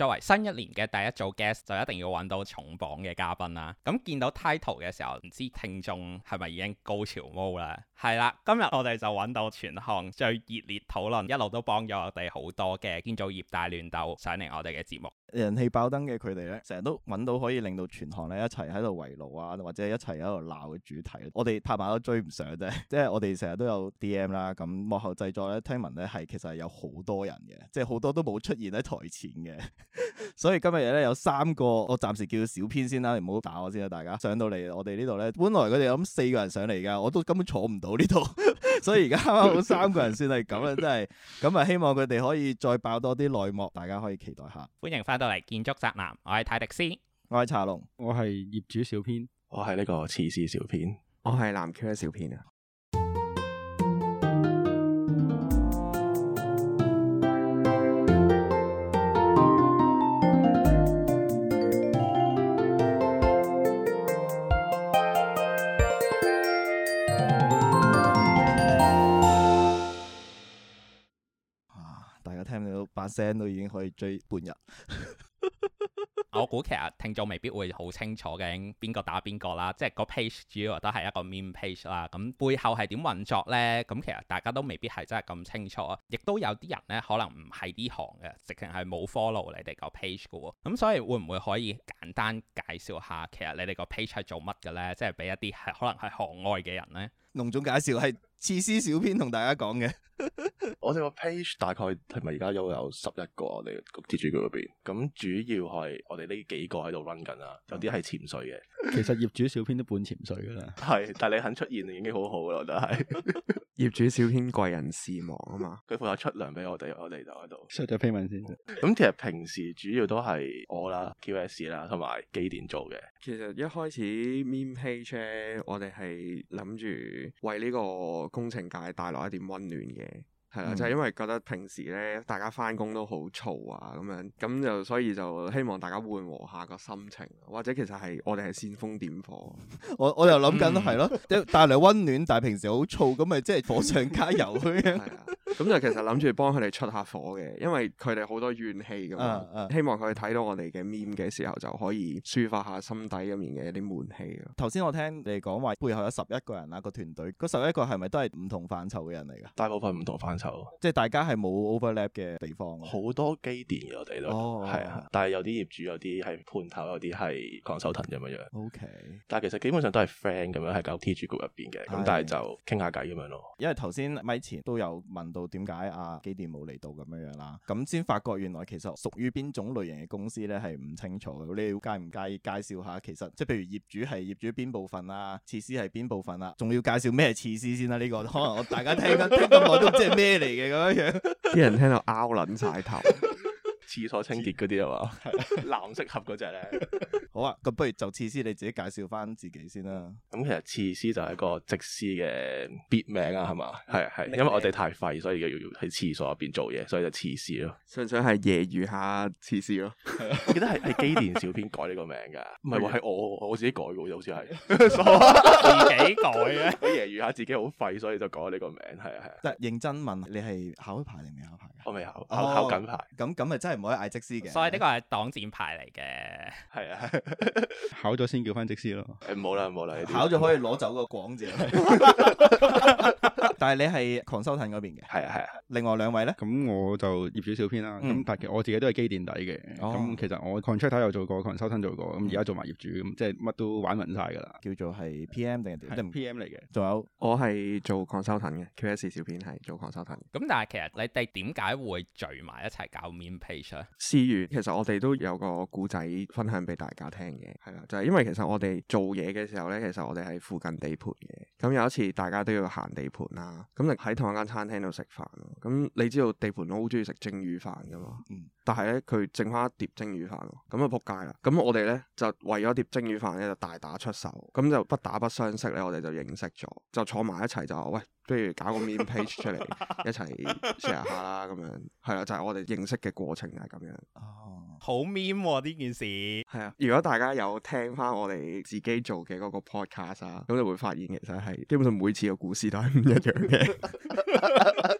作為新一年嘅第一組 guest，就一定要揾到重磅嘅嘉賓啦。咁見到 title 嘅時候，唔知聽眾係咪已經高潮冇啦？係啦，今日我哋就揾到全行最熱烈討論，一路都幫咗我哋好多嘅建造孽大亂鬥上嚟我哋嘅節目。人氣爆燈嘅佢哋咧，成日都揾到可以令到全行咧一齊喺度圍爐啊，或者一齊喺度鬧嘅主題。我哋拍馬都追唔上啫，即係我哋成日都有 DM 啦。咁幕後製作咧，聽聞咧係其實係有好多人嘅，即係好多都冇出現喺台前嘅。 所以今日咧有三個，我暫時叫小編先啦，你唔好打我先啦，大家，啊、大家上到嚟我哋呢度咧，本來佢哋諗四個人上嚟噶，我都根本坐唔到呢度， 所以而家啱啱好三個人先係咁啊，真係咁啊，希望佢哋可以再爆多啲內幕，大家可以期待下。歡迎翻到嚟建築宅男，我係泰迪斯，我係茶龍，我係業主小編，我係呢個廁獅小編，我係南區小編啊。把聲都已經可以追半日， 我估其實聽眾未必會好清楚嘅邊個打邊個啦，即係個 page 主要都係一個 meme page 啦。咁背後係點運作呢？咁其實大家都未必係真係咁清楚，亦都有啲人呢可能唔係呢行嘅，直情係冇 follow 你哋個 page 嘅。咁所以會唔會可以簡單介紹下，其實你哋個 page 係做乜嘅呢？即係俾一啲係可能係行外嘅人呢。隆重介紹係廁獅小編同大家講嘅， 我哋個 page 大概係咪而家都有十一個，我哋貼住佢嗰邊。咁主要係我哋呢幾個喺度 run 緊啦，有啲係潛水嘅。 其實業主小編都半潛水噶啦，係 但係你肯出現已經好好噶啦，真係。 業主小編貴人事忙啊嘛，佢負責出糧俾我哋，我哋就喺度。出咗 Payment 先。咁 其實平時主要都係我啦，Q.S. 啦同埋機電做嘅。其實一開始 Meme Page 我哋係諗住為呢個工程界帶來一點溫暖嘅。係啦，就係、是、因為覺得平時咧，大家翻工都好燥啊，咁樣咁就所以就希望大家緩和下個心情，或者其實係我哋係煽風點火， 我我又諗緊係咯，帶嚟温暖，但係平時好燥，咁咪即係火上加油嘅，咁 就其實諗住幫佢哋出下火嘅，因為佢哋好多怨氣噶、uh, uh, 希望佢睇到我哋嘅 Meme 嘅時候，就可以抒發下心底入面嘅一啲悶氣。頭先我聽你講話背後有十一個人啦，個團隊，十一個係咪都係唔同範疇嘅人嚟噶？ 大部分唔同範。即係大家係冇 overlap 嘅地方，好多機電我哋都係、哦、啊，但係有啲業主有啲係判頭，有啲係抗手騰咁樣樣。嗯、o、okay、K，但係其實基本上都係 friend 咁樣，係搞 T G group 入邊嘅，咁、嗯、但係就傾下偈咁樣咯。因為頭先咪前都有問到點解啊機電冇嚟到咁樣樣啦，咁先發覺原來其實屬於邊種類型嘅公司咧係唔清楚。你要介唔介意介紹下？其實即係譬如業主係業主邊部分啊，廁獅係邊部分啊，仲要介紹咩廁獅先啦、啊？呢、這個可能我大家聽 聽咁耐都即係咩？咩嚟嘅咁樣樣？啲 人聽到拗撚曬頭。 廁所清潔嗰啲啊嘛，藍色盒嗰隻咧，好啊，咁不如就廁獅你自己介紹翻自己先啦。咁其實廁獅就係一個職師嘅別名啊，係嘛？係係，因為我哋太廢，所以要要喺廁所入邊做嘢，所以就廁獅咯。想想係揶揄下廁獅咯，記得係係機電小編改呢個名噶，唔係話係我我自己改噶，好似係自己改嘅，揶揄下自己好廢，所以就改呢個名，係係。但認真問，你係考牌定未考牌？我未考，考考緊牌。咁咁咪真係。唔可以嗌則師嘅，所以呢個係擋箭牌嚟嘅。係是啊， 考咗先叫翻則師咯。誒、欸，冇啦冇啦，考咗可以攞走個廣字。 但係你係 consultant 嗰邊嘅，係啊係啊。啊，另外兩位咧？咁我就業主小編啦。咁、嗯、但係我自己都係機電底嘅。咁、哦、其實我 contract 又做過，consultant 做過，咁而家做埋業主，咁即係乜都玩勻晒㗎啦。叫做係 PM 定係點？係是 PM 嚟嘅。仲是有我係做 consultant 嘅，QS 小編係做 consultant。咁、嗯、但係其實你哋點解會聚埋一齊搞 main page 咧？思其實我哋都有個古仔分享俾大家聽嘅，係啦，就係、是、因為其實我哋做嘢嘅時候咧，其實我哋喺附近地盤嘅。咁有一次大家都要行地盤啦。咁你喺同一間餐廳度食飯咯，咁你知道地盤佬好中意食蒸魚飯噶嘛？嗯，但係咧佢剩翻一碟蒸魚飯咯，咁啊仆街啦！咁我哋咧就為咗碟蒸魚飯咧就大打出手，咁就不打不相識咧，我哋就認識咗，就坐埋一齊就喂。不如搞個 meme page 出嚟 一齊 share 下啦，咁樣係啦、啊，就係、是、我哋認識嘅過程係咁樣。哦、oh，啊，好 mean 喎！呢件事係啊，如果大家有聽翻我哋自己做嘅嗰個 podcast 啊，咁你會發現其實係基本上每次嘅故事都係唔一樣嘅。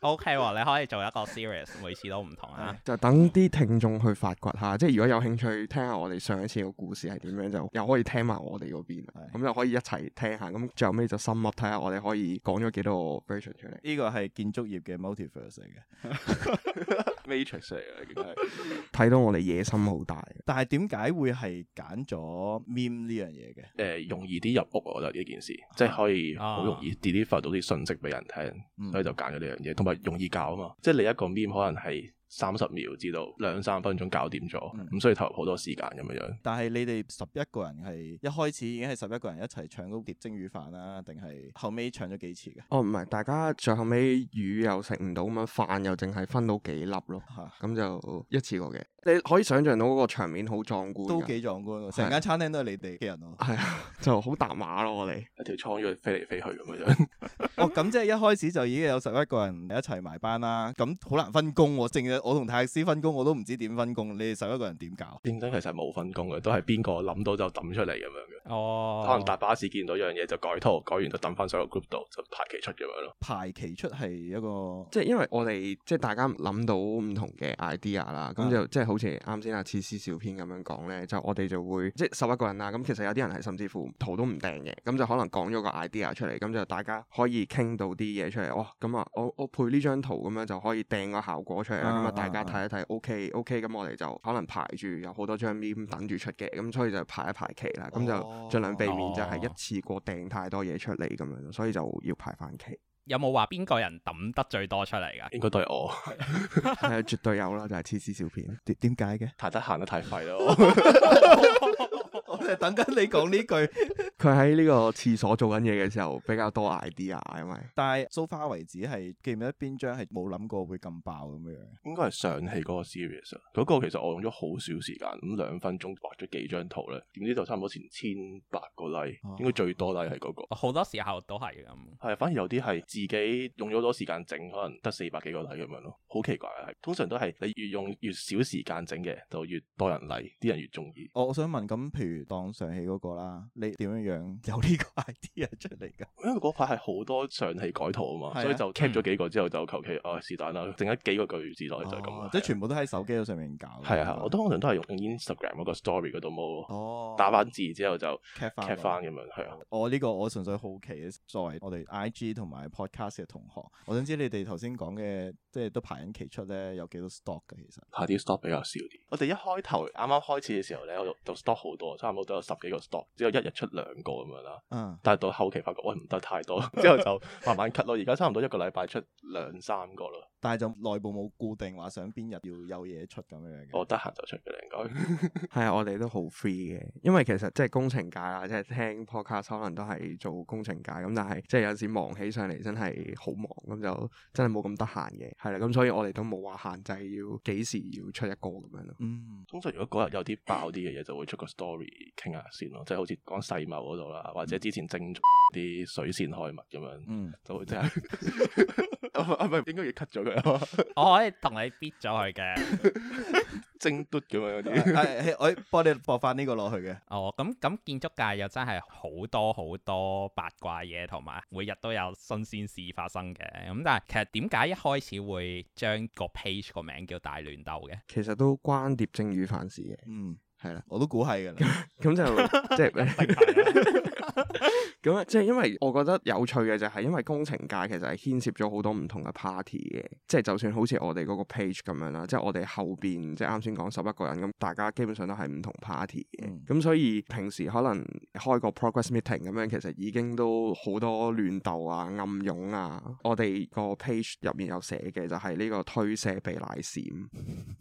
o、okay、K、哦、你可以做一個 series 每次都唔同啊。 就等啲聽眾去發掘下，即係如果有興趣聽下我哋上一次個故事係點樣，就又可以聽埋我哋嗰邊，咁又是可以一齊聽一下。咁最後尾就 sum up 睇下我哋可以講咗幾多 version 出嚟。呢個係建築業嘅 multiverse 嚟嘅。 Matrix 嚟嘅，竟係睇到我哋野心好大。但係點解會係揀咗 Meme 呢樣嘢嘅？誒、呃，容易啲入屋我覺得呢件事，啊、即係可以好容易 deliver 到啲信息俾人聽，嗯、所以就揀咗呢樣嘢，同埋容易搞啊嘛！即係你一個 Meme 可能係。三十秒至到兩三分鐘搞掂咗，咁、嗯、唔需要投入好多時間咁樣樣。但係你哋十一個人係一開始已經係十一個人一齊搶嗰碟蒸魚飯啦，定係後尾搶咗幾次嘅？哦，唔係，大家最後尾魚又食唔到，咁樣飯又淨係分到幾粒咯，嚇、啊！咁就一次過嘅。你可以想象到嗰個場面好壯觀，都幾壯觀，成間餐廳都係你哋嘅是、啊、人咯。係、哎、啊，就好搭馬咯，我哋一條倉鼠飛嚟飛去咁樣。 哦，咁即係一開始就已經有十一個人一齊埋班啦，咁好難分工、啊。我淨係我同泰克斯分工，我都唔知點分工。你哋十一個人點搞？變咗其實冇分工嘅？都係邊個諗到就抌出嚟咁樣嘅。哦，可能大巴士見到一樣嘢就改圖，改完就抌翻所有 group 度，就排期出咁樣咯。排期出係一個，即係因為我哋即係大家諗到唔同嘅 idea 啦、嗯，咁就即係。好似啱先阿廁獅小編咁樣講咧，就我哋就會即係十一個人啦、啊。咁其實有啲人係甚至乎圖都唔訂嘅，咁就可能講咗個 idea 出嚟，咁就大家可以傾到啲嘢出嚟。哇、哦！咁啊，我我配呢張圖咁樣就可以訂個效果出嚟，咁啊大家睇一睇。OK OK，咁我哋就可能排住有好多張 meme 等住出嘅，咁所以就排一排期啦。咁、哦、就儘量避免就係一次過訂太多嘢出嚟咁樣，哦、所以就要排翻期。有冇話邊個人抌得最多出嚟㗎？應該對我係絕對有啦，就係黐絲小編。點點解嘅？太得閒得太廢咯。 等緊你講呢句，佢喺呢個廁所做緊嘢嘅時候比較多 idea，因為但係 so far 為止係記唔記得邊張係冇諗過會咁爆咁樣？應該係上戲嗰個、啊、serious 嗰個其實我用咗好少時間，咁兩分鐘畫咗幾張圖咧，點知就差唔多前千百個例，啊、應該最多例係嗰個。好多時候都係咁，係反而有啲係自己用咗好多時間整，可能得四百幾個例咁樣咯，好奇怪啊！通常都係你越用越少時間整嘅，就越多人嚟，啲人越中意。我、哦、我想問，咁譬如當。講上戲嗰個啦，你點樣樣有呢個 idea 出嚟噶？因為嗰排係好多上戲改圖啊嘛，所以就 cap 咗幾個之後就求其哦，是但啦，剩咗幾個句子落去就咁。即係全部都喺手機度上面搞。係啊，我通常都係用 Instagram 嗰個 story 嗰度哦，打翻字之後就 cap 翻 cap 翻咁樣。係啊，我呢個我純粹好奇嘅，作為我哋 IG 同埋 podcast 嘅同學，我想知你哋頭先講嘅，即係都排緊期出咧，有幾多 stop 噶？其實排啲 stop 比較少啲。我哋一開頭啱啱開始嘅時候咧，我就 stop 好多差唔多。都有十幾個 stop 只有一日出兩個咁樣啦，嗯、但係到後期發覺喂唔、哎、得太多，之後就慢慢 cut 咯。而家差唔多一個禮拜出兩三個咯。但係就內部冇固定話想邊日要有嘢出咁樣嘅， 我得閒就出嘅應該。係啊，我哋都好 free 嘅，因為其實即係工程界啦，即係聽 Podcast 可能都係做工程界咁，但係即係有時忙起上嚟真係好忙，咁就真係冇咁得閒嘅，係啦。咁所以我哋都冇話限制要幾時要出一個咁樣咯。嗯，通常如果嗰日有啲爆啲嘅嘢，就會出個 story 傾下先咯，即係好似講細茂嗰度啦，或者之前精啲水線開物咁樣，嗯，就會即係啊唔係應該要 cut 咗 我可以同你搣咗佢嘅，精嘟咗嘛嗰啲，係、 哎哎、我幫你播返呢個落去嘅。哦，咁咁建築界又真係好多好多八卦嘢，同埋每日都有新鮮事發生嘅。咁但係其實點解一開始會將個 page 個名叫大亂鬥嘅？其實都關碟蒸魚飯事嘅。嗯。係啦，我都估係噶啦，咁 就即係咁啊！即係因為我覺得有趣嘅就係，因為工程界其實係牽涉咗好多唔同嘅 party 嘅，即係就算好似我哋個 page 咁樣啦，即係我哋後邊即係啱先講十一個人咁，大家基本上都係唔同 party 嘅，咁、嗯、所以平時可能開個 progress meeting 咁樣，其實已經都好多亂鬥啊、暗湧啊，我哋個 page 入面有寫嘅就係呢個推卸避賴閃，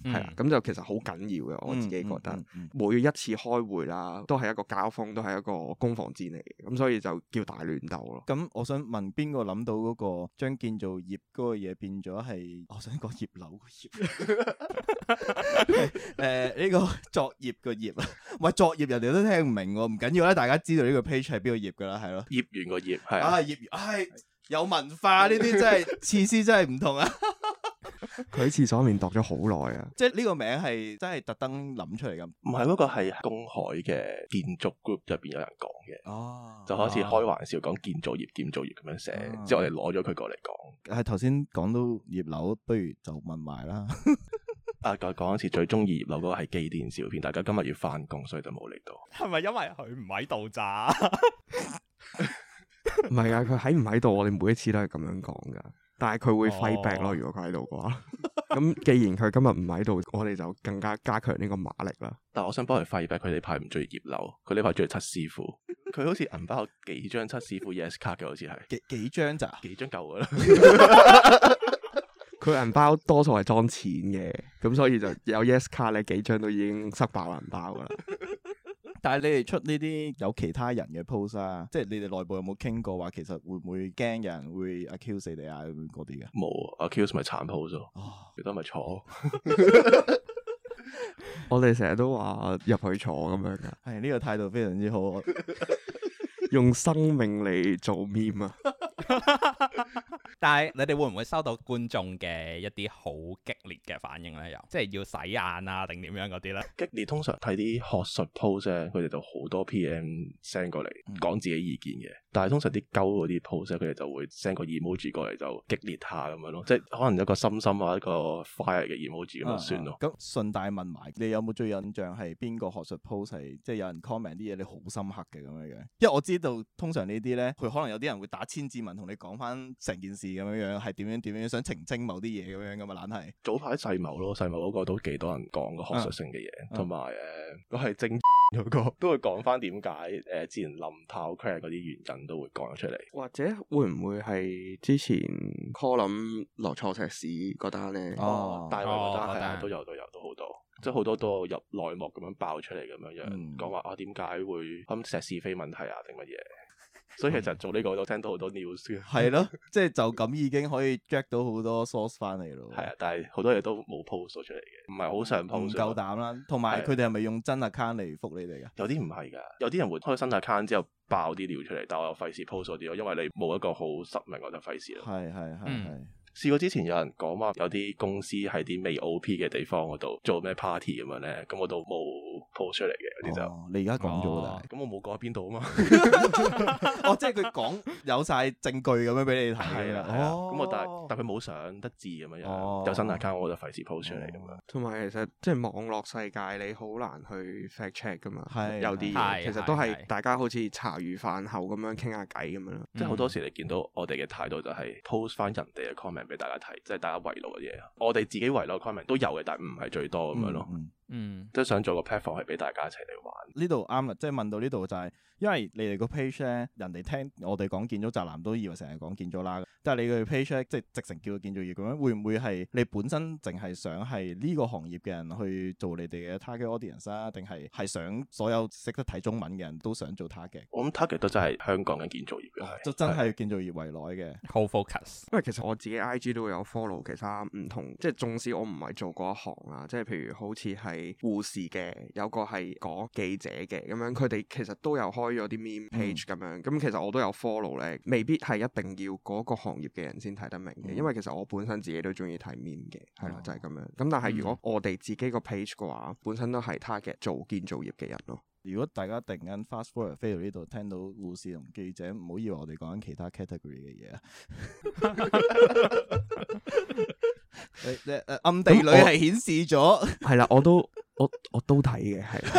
係啦、嗯，咁就其實好緊要嘅，我自己覺得。嗯嗯嗯嗯每一次開會啦，都係一個交鋒，都係一個攻防戰嚟嘅，咁、嗯、所以就叫大亂鬥咯。咁我想問邊個諗到嗰個將建造業變做葉嗰個嘢變咗係？我想講葉劉嘅葉，誒、這、呢個作業嘅業啦，唔係作業，人哋都聽唔明喎。唔緊要啦，大家知道呢個 page 係邊個業噶啦，係咯，業員個業，係啊，業員，唉、哎，的有文化呢啲真係設施真係唔同啊！佢喺廁所面度咗好耐啊！即係呢個名係真係特登諗出嚟咁，唔係，不過係公海嘅建築 group 入邊有人講嘅哦，就開始開玩笑講建造業、建造業咁樣寫，之後、啊、我哋攞咗佢過嚟講。係頭先講到孽瘤，不如就問埋啦。 啊，講一次最中意孽瘤嗰個係機電小編，大家今日要翻工，所以就冇嚟到。係咪因為佢唔喺度咋？唔 係 啊，佢喺唔喺度？我哋每一次都係咁樣講噶。但係佢會 fight back 咯，如果佢喺度嘅話，咁 既然佢今日唔喺度，我哋就更加加強呢個馬力啦。但係我想幫佢 fight back，佢呢排唔中意葉劉，佢呢排中意七師傅。佢 好似銀包有幾張七師傅 Yes 卡嘅，好似係幾幾張咋？幾張夠噶啦。佢銀 包多數係裝錢嘅，咁所以就有 Yes 卡你幾張都已經塞爆銀包噶啦。 但係你哋出呢啲有其他人嘅 post 啊，即係你哋內部有冇傾過話，其實會唔會驚有人會 accuse 你哋啊咁嗰啲嘅？冇有 啊 accuse 咪殘暴咗，其都咪坐。我哋成日都話入去坐咁樣噶，係呢、哎這個態度非常之好， 用生命嚟做 meme 啊。 但係你哋會唔會收到觀眾嘅一啲好激烈嘅反應咧？又即係要洗眼啊，定點樣嗰啲咧？激烈通常睇啲學術 post 佢哋就好多 PM send 過嚟唔講自己意見嘅。嗯、但係通常啲鳩嗰啲 post 佢哋就會 send 個 emoji 過嚟就激烈下咁樣咯。嗯、即係可能一個心心啊，一個 fire 嘅 emoji 咁啊算咯。咁順帶問埋，你有冇最印象係邊個學術 post 即係有人 comment 啲嘢，你好深刻嘅咁樣樣？因為我知道通常呢啲咧，佢可能有啲人會打千字文同你講翻成件。咁樣樣係點樣點樣想澄清某啲嘢咁樣咁嘛，懶、嗯、係早排世貿咯，世貿嗰個都幾多人講個學術性嘅嘢，同埋誒，佢係精。嗰 都會講翻點解誒之前林炮 c r e a t 嗰啲原因都會講咗出嚟，或者會唔會係之前柯林落錯石屎嗰單咧？哦，大話嗰單係啊，都有都有都好多，即係好多都有入內幕咁樣爆出嚟咁樣樣講話啊，點解會啱石是非問題啊定乜嘢？所以其實做呢個我都聽到好多 news 嘅， 係咯，即係就咁、是、已經可以 track 到好多 source 翻嚟咯。係啊，但係好多嘢都冇 post 出嚟嘅，唔係好想 post。唔夠膽啦，同埋佢哋係咪用真 account 嚟覆你哋嘅？有啲唔係㗎，有啲人會開新 account 之後爆啲料出嚟，但係我又費事 post 啲咯，因為你冇一個好實名，我就費事啦。係係係係。嗯、的試過之前有人講話有啲公司喺啲未 OP 嘅地方嗰度做咩 party 咁樣咧，咁我都冇 post 出嚟嘅啲就，你而家講咗啦，咁我冇講喺邊度啊嘛，哦，即係佢講有晒證據咁樣俾你睇，係啦，咁我但係但佢冇上得字咁樣，有新大卡我就費事 post 出嚟咁樣。同埋其實即係網絡世界，你好難去 fact check 噶嘛。係有啲嘢其實都係大家好似茶餘飯後咁樣傾下偈咁樣咯，即係好多時你見到我哋嘅態度就係 post 翻人哋嘅 comment 俾大家睇，即係大家圍爐嘅嘢，我哋自己圍爐嘅 comment 都有嘅，但係唔係最多咁樣咯。嗯，都想做個 platform 係俾大家一齊嚟玩。呢度啱啦，即係、就是、問到呢度就係、是，因為你哋個 page 咧，人哋聽我哋講建築宅男都以為成日講建築啦。但係你個 page 呢，即係直程叫建造業咁樣，會唔會係你本身淨係想係呢個行業嘅人去做你哋嘅 target audience 啊？定係係想所有識得睇中文嘅人都想做 target？我諗 target 都真係香港嘅建造業嘅，係，即、就是、真係建造業為內嘅。的 whole focus，因為其實我自己 IG 都會有 follow 其他唔同，即係縱使我唔係做嗰一行啊，即係譬如好似係。護士嘅，有個係講記者嘅，咁樣佢哋其實都有開咗啲 meme page 咁樣、嗯，咁其實我都有 follow 咧，未必係一定要嗰個行業嘅人先睇得明嘅，嗯，因為其實我本身自己都中意睇 meme 嘅，係咯就係咁樣，咁但係如果我哋自己個 page 嘅話，本身都係 target 做建造業嘅人咯。如果大家突然間 fast forward 飛到呢度，聽到護士同記者，唔好以為我哋講緊其他 category 嘅嘢。 誒誒誒，暗地裏係顯示咗，係啦，我都我我都睇嘅，係。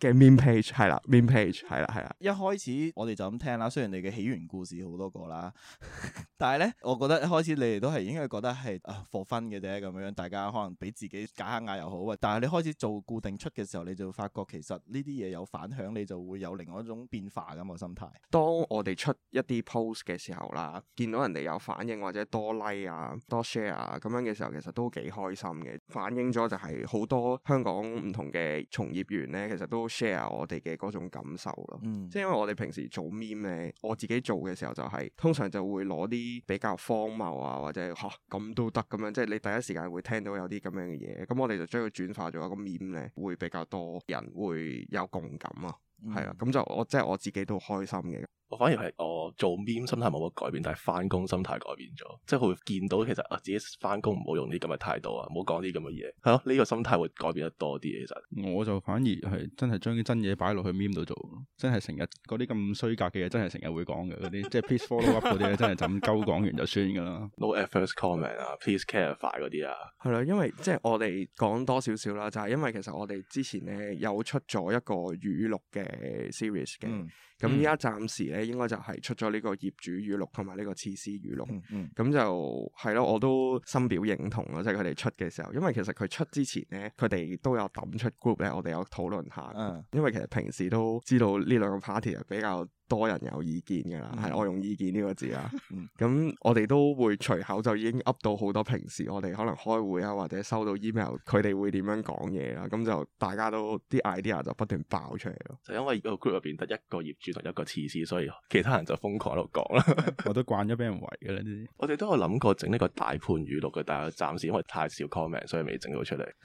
嘅 main page 係啦，main page 係啦，係啦。一開始我哋就咁聽啦，雖然你嘅起源故事好多個啦， 但係咧，我覺得一開始你哋都係應該覺得係啊 for fun 嘅啫，咁樣大家可能俾自己解下壓又好啊，但係你開始做固定出嘅時候，你就發覺其實呢啲嘢有反響，你就會有另外一種變化咁嘅心態。當我哋出一啲 post 嘅時候啦，見到人哋有反應或者多 like 啊、多 share 啊，咁樣嘅時候，其實都幾開心嘅。反映咗就係、是、好多香港唔同嘅從業員咧，都 share 我哋嘅嗰種感受咯，即係、嗯、因為我哋平時做 meme 咧，我自己做嘅時候就係、是、通常就會攞啲比較荒謬啊，或者吓，咁都得咁樣，即係你第一時間會聽到有啲咁樣嘅嘢，咁我哋就將佢轉化咗一個 meme 咧，會比較多人會有共感啊，係、嗯、啊，咁就我即係我自己都開心嘅。我反而係我做 meme 心態冇乜改變，但係返工心態改變咗，即係會見到其實啊，自己返工唔好用啲咁嘅態度啊，唔好講啲咁嘅嘢，係、啊、咯，呢個心態會改變得多啲。其實我就反而係真係將啲真嘢擺落去 meme 度做，真係成日嗰啲咁衰格嘅嘢，那那真係成日會講嘅嗰啲，即係 Please follow up 嗰啲 真係就咁鳩講完就算噶啦。No efforts comment 啊，Please clarify 嗰啲啊，係咯，因為即係我哋講多少少啦，就係、是、因為其實我哋之前咧有出咗一個語錄嘅 series 嘅。嗯咁依家暫時咧，應該就係出咗呢個業主語錄同埋呢個廁獅語錄，咁、嗯嗯、就係咯，我都深表認同咯，即係佢哋出嘅時候，因為其實佢出之前咧，佢哋都有抌出 group 咧，我哋有討論下，嗯、因為其實平時都知道呢兩個 party 係比較多人有意見嘅啦，係、嗯、我用意見呢個字啊。咁、嗯嗯、我哋都會隨口就已經噏到好多平時我哋可能開會啊，或者收到 email，佢哋會點樣講嘢啊。咁就大家都啲 idea 就不斷爆出嚟咯。就因為個 group 入邊得一個業主同一個廁獅，所以其他人就瘋狂喺度講啦。 我都慣咗俾人圍㗎啦。 我哋都有諗過整呢個大判語錄嘅，但係暫時因為太少 comment，所以未整到出嚟。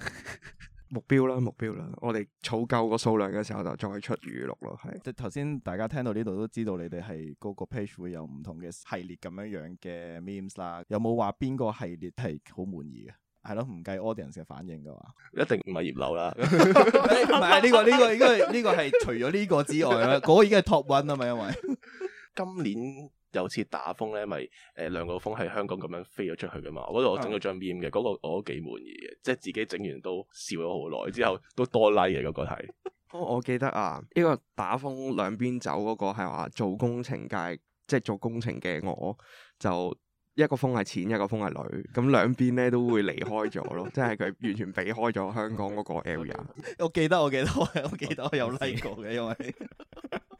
目標啦，目標啦，我哋儲夠個數量嘅時候就再出娛樂咯。係，即係頭先大家聽到呢度都知道，你哋係個個 page 會有唔同嘅系列咁樣樣嘅 memes 啦。有冇話邊個系列係好滿意嘅？係咯，唔計 audience 嘅反應嘅話，一定唔係葉劉啦。唔係呢個呢、呢個應該呢、呢個係除咗呢個之外啦，嗰 個已經係 top one 啊嘛， 因為今年。有次打風咧，咪、就、誒、是呃、兩個風喺香港咁樣飛咗出去噶嘛？嗰度我整咗張面嘅，嗰、嗯、個我都幾滿意嘅，即係自己整完都笑咗好耐，之後都多拉 i 嘅嗰個係。我記得啊，呢、這個打風兩邊走嗰個係話做工程界，即係做工程嘅我，就一個風係淺，一個風係女，咁兩邊咧都會離開咗咯， 即係佢完全避開咗香港嗰個 area 我。我記得，我記得，我記得我有 like 嘅，因為。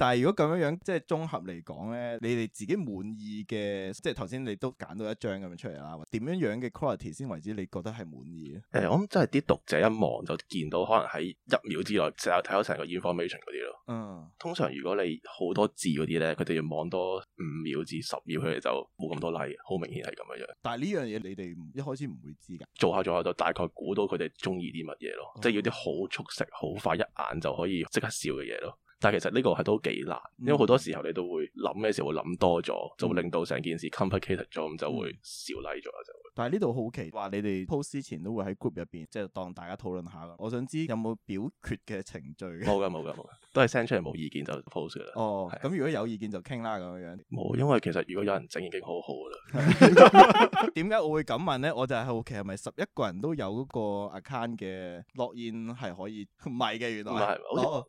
但係如果咁樣樣即係綜合嚟講咧，你哋自己滿意嘅，即係頭先你都揀到一張咁樣出嚟啦，點樣樣嘅 quality 先為止你覺得係滿意咧？誒、欸，我諗真係啲讀者一望就見到，可能喺一秒之內成日睇到成個 information 嗰啲咯。嗯，通常如果你好多字嗰啲咧，佢哋要望多五秒至十秒，佢哋就冇咁多 like，好明顯係咁樣樣。但係呢樣嘢你哋一開始唔會知噶？做下做下就大概估到佢哋中意啲乜嘢咯，哦、即係要啲好速食、好快一眼就可以即刻笑嘅嘢咯。但係其實呢個係都幾難，因為好多時候你都會諗嘅時候會諗多咗，嗯、就會令到成件事 complicated 咗，咁就會少理咗就。但係呢度好奇話，你哋 post 前都會喺 group 入邊，即係當大家討論下咯。我想知有冇表決嘅程序？冇噶，冇噶，冇噶，都係 send 出嚟冇意見就 post 噶啦。哦，咁的如果有意見就傾啦，咁樣。冇，因為其實如果有人整已經好好噶啦。點解我會咁問咧？我就係好奇係咪十一個人都有嗰個 account 嘅 login 係可以？唔係嘅，原來係，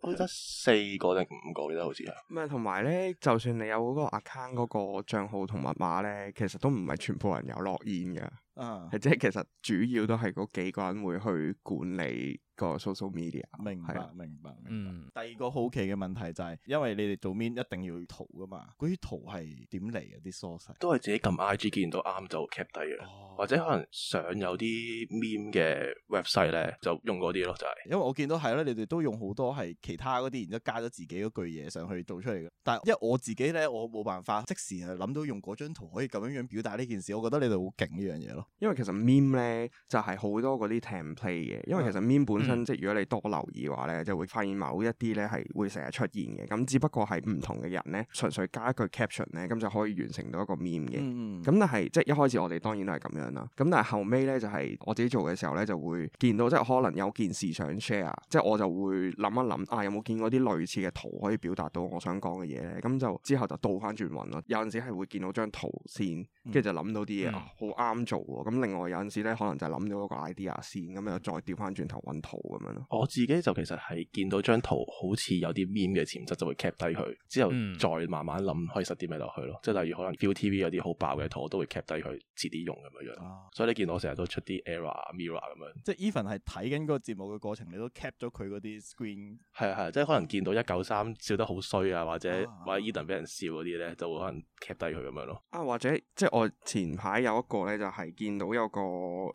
好似得四個定五個啫，好似係。同埋咧，就算你有嗰個 account 嗰個賬號同密碼咧，其實都唔係全部人有 login 噶。啊，係即係其實主要都係嗰幾個人會去管理。個 social media，明白明白，嗯。第二個好奇嘅問題就係、是，因為你哋做 meme 一定要圖噶嘛，嗰啲圖係點嚟啊？啲 source 都係自己撳 IG 見到啱、嗯、就 cap 低啦，或者可能想有啲 meme 嘅 website 咧，就用嗰啲咯，就係、是。因為我見到係啦、啊，你哋都用好多係其他嗰啲，然之後加咗自己句嘢上去做出嚟嘅。但係因為我自己咧，我冇辦法即時係諗到用嗰張圖可以咁樣樣表達呢件事，我覺得你哋好勁呢樣嘢咯。因為其實 meme 咧就係好多嗰啲 template 嘅，因為其實 meme 本身、嗯。即係如果你多留意嘅話咧，就會發現某一啲咧係會成日出現嘅。咁只不過係唔同嘅人咧，純粹加一句 caption 咧，咁就可以完成到一個 meme 嘅。咁、mm hmm. 但係即係一開始我哋當然都係咁樣啦。咁但係後尾咧就係、是、我自己做嘅時候咧，就會見到即係可能有件事想 share，即係我就會諗一諗啊，有冇見過啲類似嘅圖可以表達到我想講嘅嘢咧？咁就之後就倒翻轉運咯。有陣時係會見到張圖先，跟住就諗到啲嘢好啱做喎。咁另外有陣時咧，可能就諗到個 idea 先，咁又再調翻轉頭揾圖。咁樣咯， 我自己就其實係見到張圖好似有啲 meme 嘅潛質，就會 cap 低佢，之後再慢慢諗可以塞啲咩落去咯。即係例如可能 ViuTV 有啲好爆嘅圖，我都會 cap 低佢，自己用咁樣。啊、所以你見我成日都出啲 Error、Mirror 咁樣。即係 even 係睇緊嗰個節目嘅過程，你都 cap 咗佢嗰啲 screen。係啊係啊，即係可能見到一九三笑得好衰啊，或者或者 Eden 俾人笑嗰啲咧，就會可能 cap 低佢咁樣咯。啊，或者即係我前排有一個咧，就係見到有個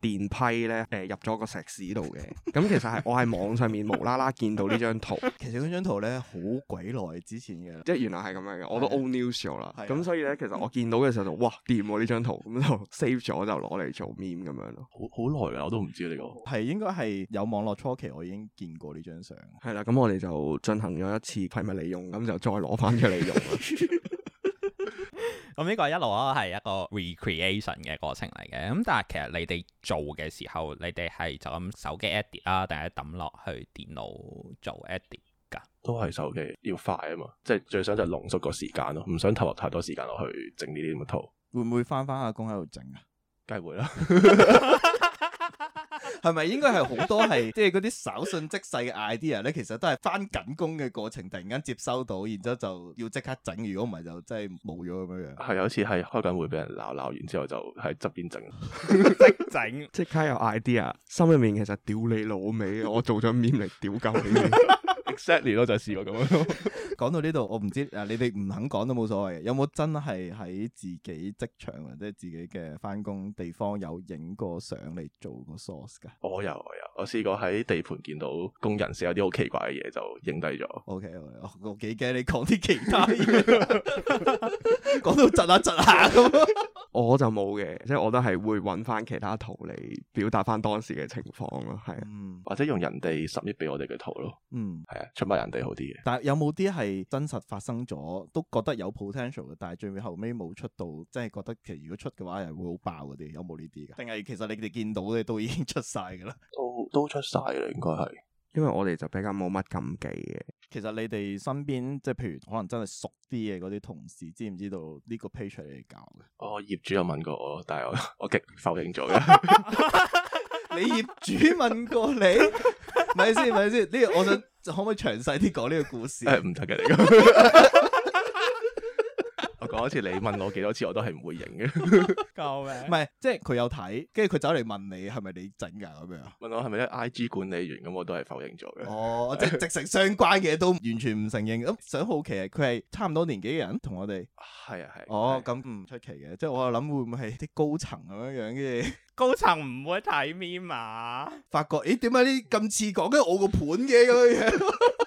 電批咧，誒、呃、入咗個石屎度嘅。咁其實。 但係我喺網上面無啦啦見到呢張圖，其實嗰張圖咧好鬼耐之前嘅，即係原來係咁樣嘅，我都 old news 咗啦。咁的所以咧，其實我見到嘅時候就哇掂喎呢張圖，咁就 save 咗就攞嚟做 meme 咁樣咯。好好耐啊，我都唔知呢個係應該係有網絡初期我已經見過呢張相。係啦，咁我哋就進行咗一次廢物利用，咁就再攞翻出嚟用。 咁呢、嗯，這個一路咯，係一個 recreation 嘅過程嚟嘅。咁、嗯、但係其實你哋做嘅時候，你哋係就咁手機 edit 啦，啊，定係抌落去電腦做 edit 噶？都係手機，要快啊嘛，即係最想就濃縮個時間咯，唔想投入太多時間落去整呢啲咁嘅圖。會唔會翻翻阿公喺度整啊？梗係會啦。 係咪應該係好多係即係嗰啲稍瞬即逝嘅 idea 咧？其實都係返緊工嘅過程，突然間接收到，然之後就要即刻整，如果唔係就真係冇咗咁樣樣。係有次係開緊會，俾人鬧鬧，完之後就喺側邊整 即整，即刻有 idea，心入面其實屌你老味，我做咗 meme 嚟屌鳩你。 set 嚟咯，exactly，就係試過咁樣。講 到呢度，我唔知誒，你哋唔肯講都冇所謂嘅。有冇真係喺自己職場或者自己嘅翻工地方有影過相嚟做個 source 㗎？我有，我有，我試過喺地盤見到工人寫有啲好奇怪嘅嘢，就影低咗。Okay, OK，我幾驚你講啲其他嘢，講 到窒下窒下咁。 我就冇嘅，即係我都係會揾翻其他圖嚟表達翻當時嘅情況咯，係啊，嗯，或者用人哋 send 嚟俾我哋嘅圖咯，嗯，係啊，出埋人哋好啲嘅。但係有冇啲係真實發生咗，都覺得有 potential 嘅，但係最尾後尾冇出到，即係覺得其實如果出嘅話又會好爆嗰啲，有冇呢啲嘅？定係其實你哋見到咧都已經出晒噶啦？都都出晒啦，應該係。因為我哋就比較冇乜禁忌嘅。其實你哋身邊即係譬如可能真係熟啲嘅嗰啲同事，知唔知道呢個 page 係你哋教嘅？哦，業主有問過我，但係我我極否認咗嘅。 你業主問過你，咪先咪先，呢個我想 可唔可以詳細啲講呢個故事？誒， 唔得嘅。你 好似 你問我幾多次，我都係唔會認嘅。 救命！唔係，即係佢有睇，跟住佢走嚟問你係咪你整㗎咁樣？問我係咪啲 I G 管理員？咁我都係否認咗嘅。哦，即係直，直成相關嘅都完全唔承認。咁 想好奇係佢係差唔多年紀嘅人同我哋。係啊，係、啊。啊、哦，咁唔出奇嘅。即係我又諗會唔會係啲高，高層咁樣樣？跟高層唔會睇咩嘛？發覺咦？點解啲咁似講？跟住我個盤嘅嗰啲嘢。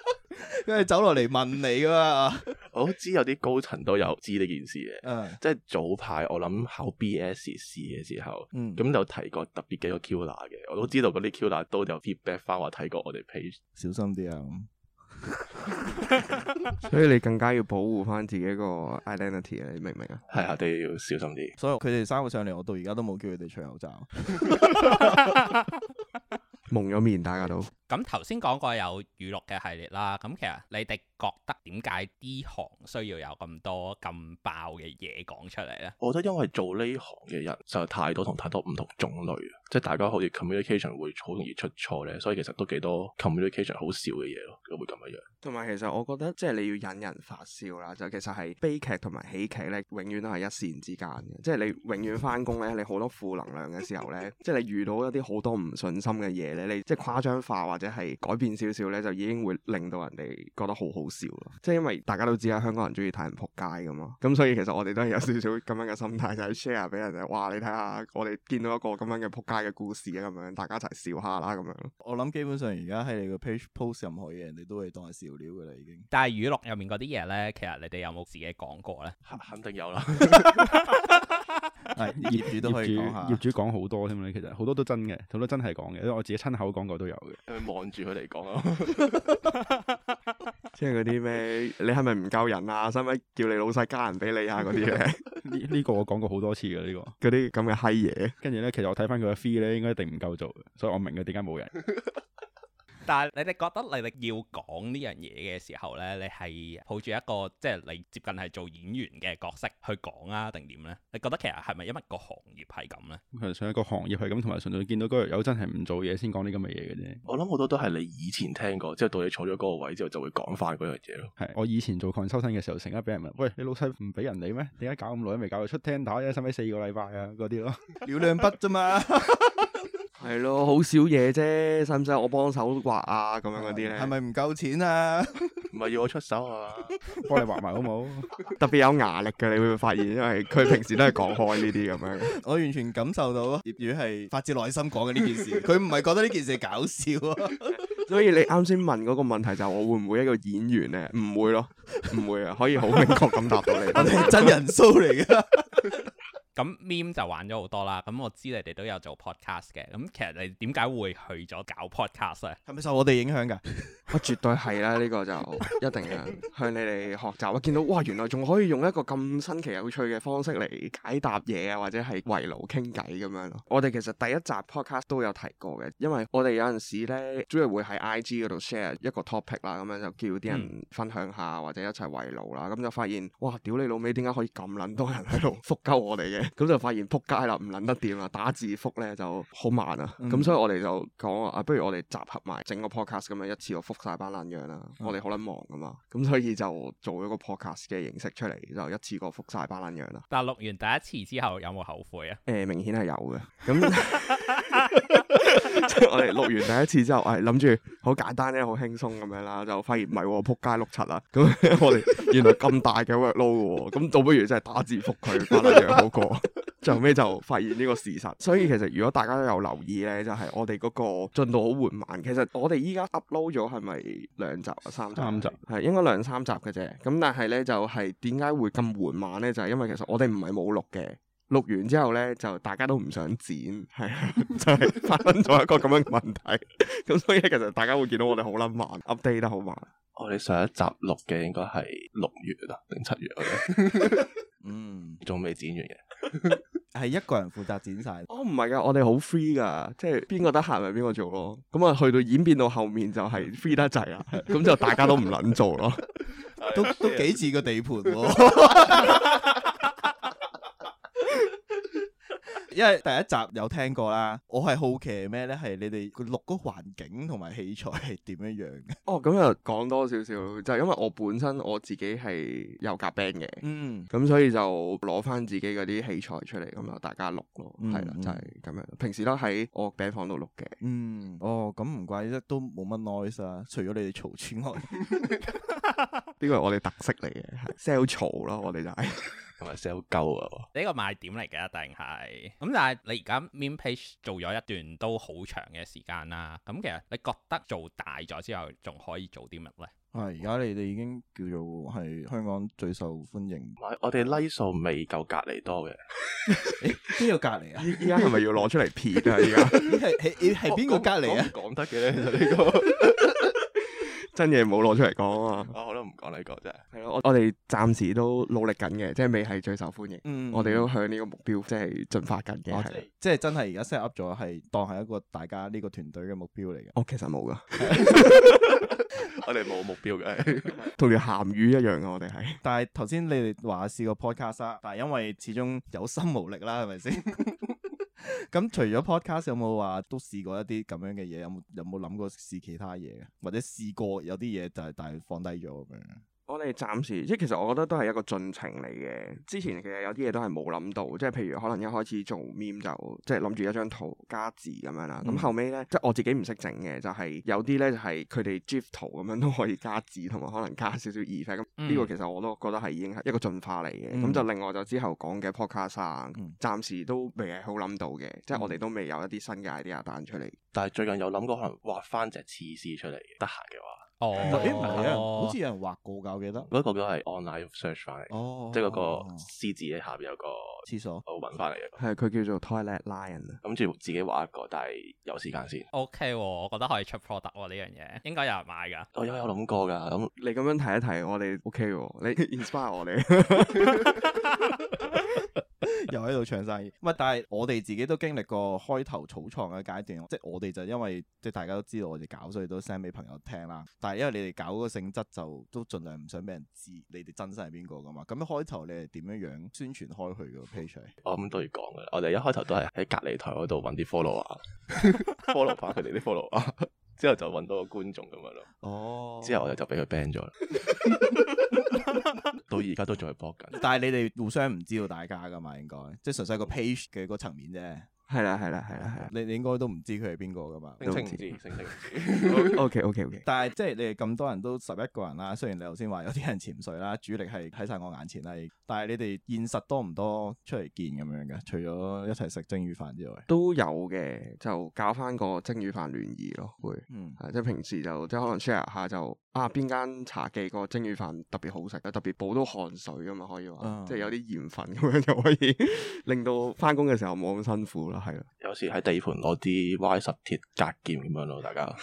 因為 走落嚟問你噶嘛？我知有啲高層都有知呢件事嘅，uh, 即係早排我諗考 BSC 嘅時候，咁、嗯、就提過特別幾個 Q i 嘅。我都知道嗰啲 Q i 都有 feedback 翻話睇過我哋 page，小心啲啊！所以你更加要保護翻自己一個 identity，你明唔明啊？係 啊，都要小心啲。所以佢哋三個上嚟，我到而家都冇叫佢哋除口罩。 蒙咗面，大家都。咁頭先講過有語錄嘅系列啦。咁其實你哋覺得點解呢行需要有咁多咁爆嘅嘢講出嚟咧？我覺得因為做呢行嘅人實在太多同太多唔同種類，即係大家好似 communication 會好容易出錯咧，所以其實都幾多 communication 好少嘅嘢咯，會咁一樣。同埋其實我覺得即係你要引人發笑啦，就其實係悲劇同埋喜劇咧，永遠都係一線之間嘅。即係你永遠翻工咧，你好多負能量嘅時候咧， 即係你遇到一啲好多唔順心嘅嘢咧，你即係誇張化或者係改變少少咧，就已經會令到人哋覺得好好笑咯。即係因為大家都知啦，香港人中意睇人撲街噶嘛，咁所以其實我哋都係有少少咁樣嘅心態，就係 share 俾人哋：「哇！你睇下我哋見到一個咁樣嘅撲街嘅故事啊」，咁樣大家一齊笑一下啦，咁樣。我諗基本上而家喺你個 page post 任何嘢，人哋都會當係笑料啦，已經。但係語錄入面嗰啲嘢咧，其實你哋有冇自己講過咧？肯定有啦，係業主都可以講，業主講好多添咧。其實好多都真嘅，好多真係講嘅，因為我自己親口講過都有嘅。佢望住佢哋講咯，即係嗰啲咩？你係咪唔夠人啊？使唔使叫你老細加人俾你啊？嗰啲嘢呢？呢個我講過好多次嘅呢個，嗰啲咁嘅閪嘢。跟住咧，其實我睇翻佢嘅 fee 咧，應該一定唔夠做，所以我明佢點解冇人。 但係你哋覺得你哋要講呢樣嘢嘅時候咧，你係抱住一個即係你接近係做演員嘅角色去講啊，定點咧？你覺得其實係咪因為個行業係咁咧？其實上一個行業係咁，同埋純粹見到嗰樣有真係唔做嘢先講呢咁嘅嘢嘅啫。我諗好多都係你以前聽過，之後到你坐咗嗰個位之後就會講翻嗰樣嘢咯。係我以前做 consultant 嘅時候，成日俾人問：喂，你老細唔俾人理咩？點解搞咁耐都未搞到出聽打啫？使咪四個禮拜啊？嗰啲咯，流量 筆啫嘛。 係咯，好少嘢啫，使唔使我幫手畫啊？咁樣嗰啲咧，係咪唔夠錢啊？唔係 要我出手啊？係嘛？幫你畫埋好冇？特別有壓力嘅，你會唔會發現，因為佢平時都係講開呢啲咁樣。 我完全感受到葉宇係發自內心講嘅呢件事，佢唔係覺得呢件事搞笑啊。 所以你啱先問嗰個問題就係我會唔會一個演員咧？唔 會咯，唔會啊，可以好明確咁答到你， 真人 show 嚟噶。 咁 meme 就玩咗好多啦，咁我知你哋都有做 podcast 嘅，咁其實你點解會去咗搞 podcast 啊？係咪受我哋影響㗎？我絕對係啦，呢個就一定向你哋學習。我見到哇，原來仲可以用一個咁新奇有趣嘅方式嚟解答嘢啊，或者係圍爐傾偈咁樣咯。我哋其實第一集 podcast 都有提過嘅，因為我哋有陣時咧，主要會喺 IG 度 share 一個 topic 啦，咁樣就叫啲人分享下，嗯、或者一齊圍爐啦，咁就發現哇，屌你老味，點解可以咁撚多人喺度復鳩我哋嘅？ 咁、嗯、就發現撲街啦，唔撚得掂啦，打字覆咧就好慢啊！咁、嗯、所以我哋就講啊，不如我哋集合埋整個 podcast 咁樣一次過覆晒班爛樣啦！嗯、我哋好捻忙噶嘛，咁所以就做咗個 podcast 嘅形式出嚟，就一次過覆晒班爛樣啦。但係錄完第一次之後有冇後悔啊？誒、呃，明顯係有嘅。咁。 即係 我哋錄完第一次之後，係諗住好簡單咧，好輕鬆咁樣啦，就發現唔係，扑、啊、街碌柒啦。咁 我哋原來咁大嘅 workload 喎，咁倒不如真係打字覆佢，翻得樣好過。 最後尾就發現呢個事實，所以其實如果大家都有留意咧，就係、是、我哋嗰個進度好緩慢。其實我哋依家 upload 咗係咪兩集啊，三集？三集係應該兩三集嘅啫。咁但係咧就係點解會咁緩慢咧？就係、是就是、因為其實我哋唔係冇錄嘅。錄完之後呢，就大家都唔想剪，係就係、是、發生咗一個咁樣嘅問題。咁所以其實大家會見到我哋好捻慢，update 得好慢。我哋上一集錄嘅應該係六月啦，定七月仲未、 嗯、剪完嘅。係 一個人負責剪晒。哦，唔係噶，我哋好 free 噶，即係邊個得閒咪邊個做咯。咁、嗯、啊，去到演變到後面就係 free 得滯啦，咁 就大家都唔捻做咯， 都都幾似個地盤。 因為第一集有聽過啦，我係好奇咩咧？係你哋錄嗰環境同埋器材係點樣樣嘅？哦，咁又講多少少，就係、因為我本身我自己係有夾 band 嘅，嗯，咁所以就攞翻自己嗰啲器材出嚟，咁就大家錄咯，係啦、嗯，就係、係、咁樣。平時都喺我 band 房度錄嘅，嗯，哦，咁唔怪得都冇乜 noise 啊，除咗你哋嘈之外呢個係我哋特色嚟嘅，sell 嘈咯，我哋就係、係。同埋 sell 鳩啊！呢個賣點嚟嘅，一定係咁，但係你而家 main page 做咗一段都好長嘅時間啦。咁其實你覺得做大咗之後，仲可以做啲乜咧？係而家你哋已經叫做係香港最受歡迎。我我哋 like 數未夠隔離多嘅。邊個隔離啊？依依家係咪要攞出嚟撇啊？依家你係你係邊個隔離啊？講得嘅咧，呢個。真嘢冇攞出嚟講啊嘛、哦，我都、這個、我都唔講你講啫，係咯，我我哋暫時都努力緊嘅，即係未係最受歡迎，嗯、我哋都向呢個目標即係進發緊嘅係，即係、哦、的真係而家 set up 咗係當係一個大家呢個團隊嘅目標嚟嘅，我、哦、其實冇噶， 我哋冇目標嘅，同條鹹魚一樣噶，我哋係，但係頭先你哋話試過 podcast，但係因為始終有心無力啦，係咪先？ 咁 除咗 podcast 有冇話都試過一啲咁樣嘅嘢？有冇有冇諗過試其他嘢？或者試過有啲嘢就係但係放低咗咁樣。我哋暫時即係其實我覺得都係一個進程嚟嘅。之前其實有啲嘢都係冇諗到，即係譬如可能一開始做 Meme 就即係諗住一張圖加字咁樣啦。咁、嗯、後尾咧，即係我自己唔識整嘅，就係、是、有啲咧就係、是、佢哋 GIF 圖咁樣都可以加字，同埋可能加少少 effect、嗯。咁呢個其實我都覺得係已經係一個進化嚟嘅。咁、嗯、就另外就之後講嘅 Podcast，啊，暫時都未係好諗到嘅，嗯、即係我哋都未有一啲新嘅 idea 彈出嚟。但係最近有諗過可能畫翻隻廁獅出嚟，得閒嘅話哦，咦唔係，好似有人畫過，我記得嗰個都係 online search 翻嚟，哦，即係嗰個獅字嘅下邊有個廁所，我搵翻嚟，嘅，係佢叫做 Toilet Lion，諗住自己畫一個，但係有時間先。OK，我覺得可以出 product 呢樣嘢，應該有人買噶。我有有諗過噶，咁你咁樣提一提，我哋 OK，你 inspire 我哋？又喺度搶生意。乜？但係我哋自己都經歷過開頭草創嘅階段，即係我。我哋就因為即係大家都知道我哋搞，所以都 send 俾朋友聽啦。但係因為你哋搞個性質就都盡量唔想俾人知你哋真實係邊個噶嘛。咁一開頭你係點樣樣宣傳開佢個 page？我諗都要講嘅。我哋一開頭都係喺隔離台嗰度搵啲 follow 啊，follow 翻佢哋啲 follow 啊，之後就搵到個觀眾咁樣咯。哦，之後我就就俾佢 ban 咗啦， 到而家都仲係搏緊。但係你哋互相唔知道大家噶嘛？應該即係純粹個 page 嘅個層面啫。係啦，係啦，係啦，係啦，你你應該都唔知佢係邊個噶嘛？姓稱唔知，姓稱唔知。O K O K O K。但係即係你哋咁多人都十一個人啦，雖然你頭先話有啲人潛水啦，主力係喺晒我眼前啦，但係你哋現實多唔多出嚟見咁樣嘅？除咗一齊食蒸魚飯之外，都有嘅，就搞翻個蒸魚飯聯誼咯，會，係、嗯、即係平時就即係可能 share 下就啊邊間茶記個蒸魚飯特別好食，特別補到汗水啊嘛，可以話，嗯、即係有啲鹽分咁樣就可以 令到翻工嘅時候冇咁辛苦啦。係啊，有時喺地盤攞啲 Y 十鐵隔劍咁樣咯、啊，大家。誒、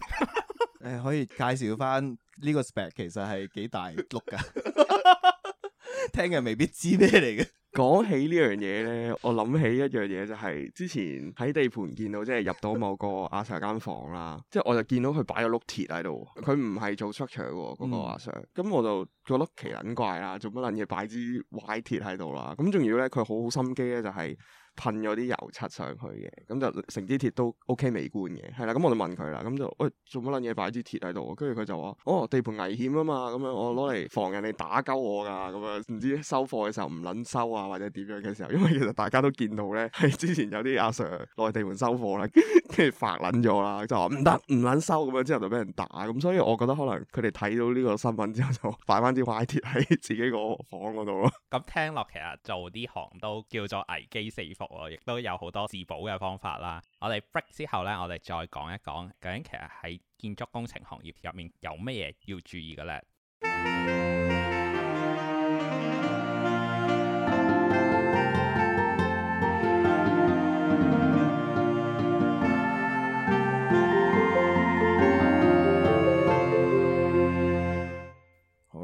呃，可以介紹翻呢個 spec，其實係幾大碌噶， 聽人未必知咩嚟嘅。講起呢樣嘢咧，我諗起一樣嘢就係、是、之前喺地盤見到，即係入到某個阿 Sir 間房啦， 即係我就見到佢擺咗碌鐵喺度，佢唔係做 structure 喎嗰個阿 Sir，咁、嗯、我就覺碌奇撚怪啦，做乜撚嘢擺支歪鐵喺度啦？咁仲要咧，佢好好心機咧，就係噴咗啲油漆上去嘅，咁就成支鐵都 O、OK、K 美觀嘅，係啦，咁我就問佢啦，咁就喂、欸、做乜撚嘢擺支鐵喺度？跟住佢就話：哦，地盤危險啊嘛，咁樣我攞嚟防人哋打鳩我㗎，咁樣唔知收貨嘅時候唔撚收啊！或者點樣嘅時候，因為其實大家都見到咧，係之前有啲阿 Sir 內地門收貨啦，跟 住發捻咗啦，就話唔得唔捻收咁樣，之後就俾人打咁，所以我覺得可能佢哋睇到呢個新聞之後，就擺翻啲歪貼喺自己個房嗰度咯。咁聽落，其實做啲行都叫做危機四伏，亦都有好多自保嘅方法啦。我哋 break 之後咧，我哋再講一講究竟其實喺建築工程行業入面有咩嘢要注意嘅咧。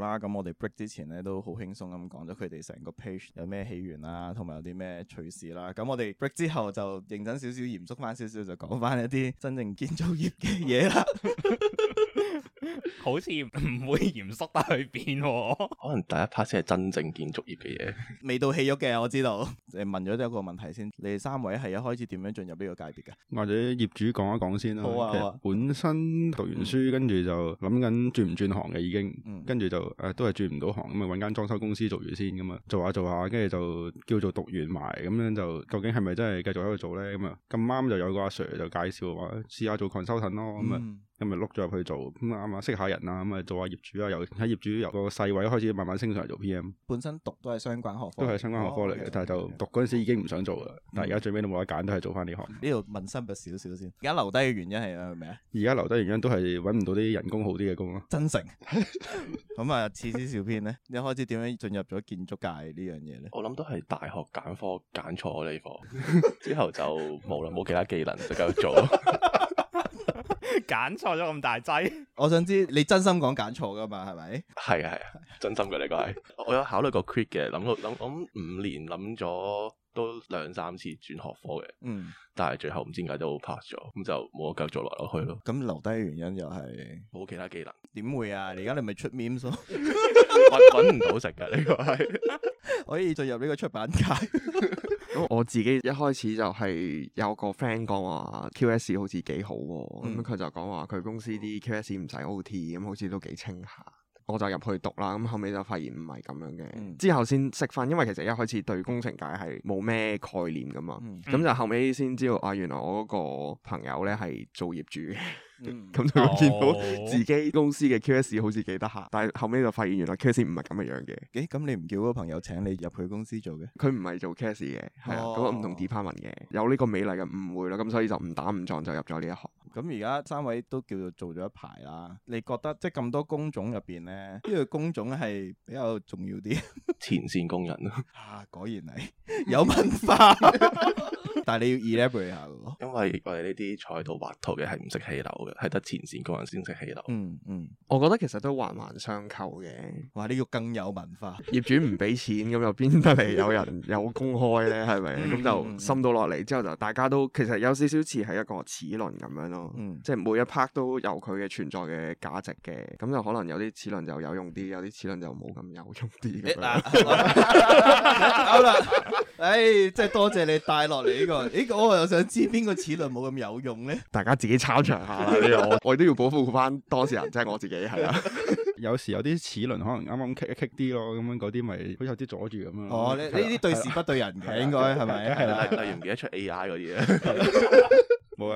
啦，咁我哋 break 之前咧都好輕鬆咁講咗佢哋成個 page 有咩起源啦、啊，同埋有啲咩趣事啦、啊。咁我哋 break 之後就認真少少、嚴肅翻少少，就講翻一啲真正建築業嘅嘢啦。 好似唔會嚴肅得去邊、啊？可能第一 part 先係真正建築業嘅嘢。 未到起屋嘅，我知道。誒， 問咗都有個問題先，你哋三位係一開始點樣進入呢個界別㗎？或者業主講一講先啦。好啊。本身讀完書，嗯、跟住就諗緊轉唔轉行嘅已經，嗯、跟住就。誒、啊、都係轉唔到行，咁咪揾間裝修公司做完先咁啊、嗯，做下做下，跟住就叫做讀完埋，咁、嗯、樣就究竟係咪真係繼續喺度做咧？咁啊，咁啱就有個阿 Sir 就介紹話試下做 consultant 咯，咁、嗯、啊。嗯咁咪碌咗入去做，咁啊、嗯，慢慢識下人啦，咁、嗯、啊，做下業主啊，由喺業主由個細位開始慢慢升上嚟做 PM。本身讀都係相關學科，都係相關學科嚟嘅，哦、但係就讀嗰陣時已經唔想做啦。嗯、但係而家最尾都冇得揀，都係做翻呢行。呢度、嗯、問深入少少先。而家留低嘅原因係咩啊？而家留低原因都係搵唔到啲人工好啲嘅工咯。真誠。咁啊，次斯小編咧，一開始點樣進入咗建築界呢樣嘢咧？我諗都係大學揀科揀錯呢科，之後就冇啦，冇 其他技能就繼續做。 揀錯咗咁大劑，rôle pot 我想知你真心講揀錯㗎嘛？係咪？係啊係啊，真心嘅，你講係，我有考慮過 quit 嘅，諗諗諗五年諗咗。都兩三次轉學科嘅，嗯，但係最後唔知點解都 pass 咗，咁就冇得繼續落落去咯。咁、嗯、留低嘅原因又係冇其他技能。點會啊？你而家你咪出面咗、哦， 我揾唔到食㗎呢個係， 可以進入呢個出版界。咁 我自己一開始就係有個 friend 講話 Q S 好似幾好，啊，咁佢、嗯、就講話佢公司啲 Q S 唔使 O T，咁好似都幾清下。我就入去讀啦，咁後尾就發現唔係咁樣嘅，嗯、之後先識翻，因為其實一開始對工程界係冇咩概念噶嘛，咁、嗯、就後尾先知道、嗯、啊，原來我嗰個朋友咧係做業主。 咁、嗯、就見到自己公司嘅 QS 好似幾得閒，哦、但係後尾就發現原來 QS 唔係咁嘅樣嘅。誒，咁你唔叫個朋友請你入佢公司做嘅？佢唔係做 QS 嘅，係啊、哦，咁唔同 department 嘅，有呢個美麗嘅誤會啦。咁所以就誤打誤撞就入咗呢一行。咁而家三位都叫做做咗一排啦，你覺得即係咁多工種入邊咧，呢、邊個工種係比較重要啲？ 前線工人啊，啊果然係有文化， 但係你要 elaborate 下咯。因為我哋呢啲坐喺度畫圖嘅係唔識起樓嘅。係得前線工人先識起樓。嗯，嗯嗯，我覺得其實都環環相扣嘅，話呢個更有文化， 業主唔俾錢咁又邊得嚟，有人有工開呢？係咪？ 咁、嗯、就深到落嚟之後，就大家都其實有少少似係一個齒輪咁樣咯，嗯、即係每一 part 都有佢嘅存在嘅價值嘅，咁就可能有啲齒輪就有用啲，有啲齒輪就冇咁有，有用啲。 即係多謝你帶落嚟呢個，呢個我又想知邊個齒輪冇咁有用咧？大家自己抄場下，呢，我我都要保護翻當事人，即係我自己係啊，有時有啲齒輪可能啱啱棘一棘啲咯，咁樣嗰啲咪好似有啲阻住咁樣。哦，呢呢啲對事不對人嘅，應該係咪？係啦，例如唔記得出 AI 嗰啲咧。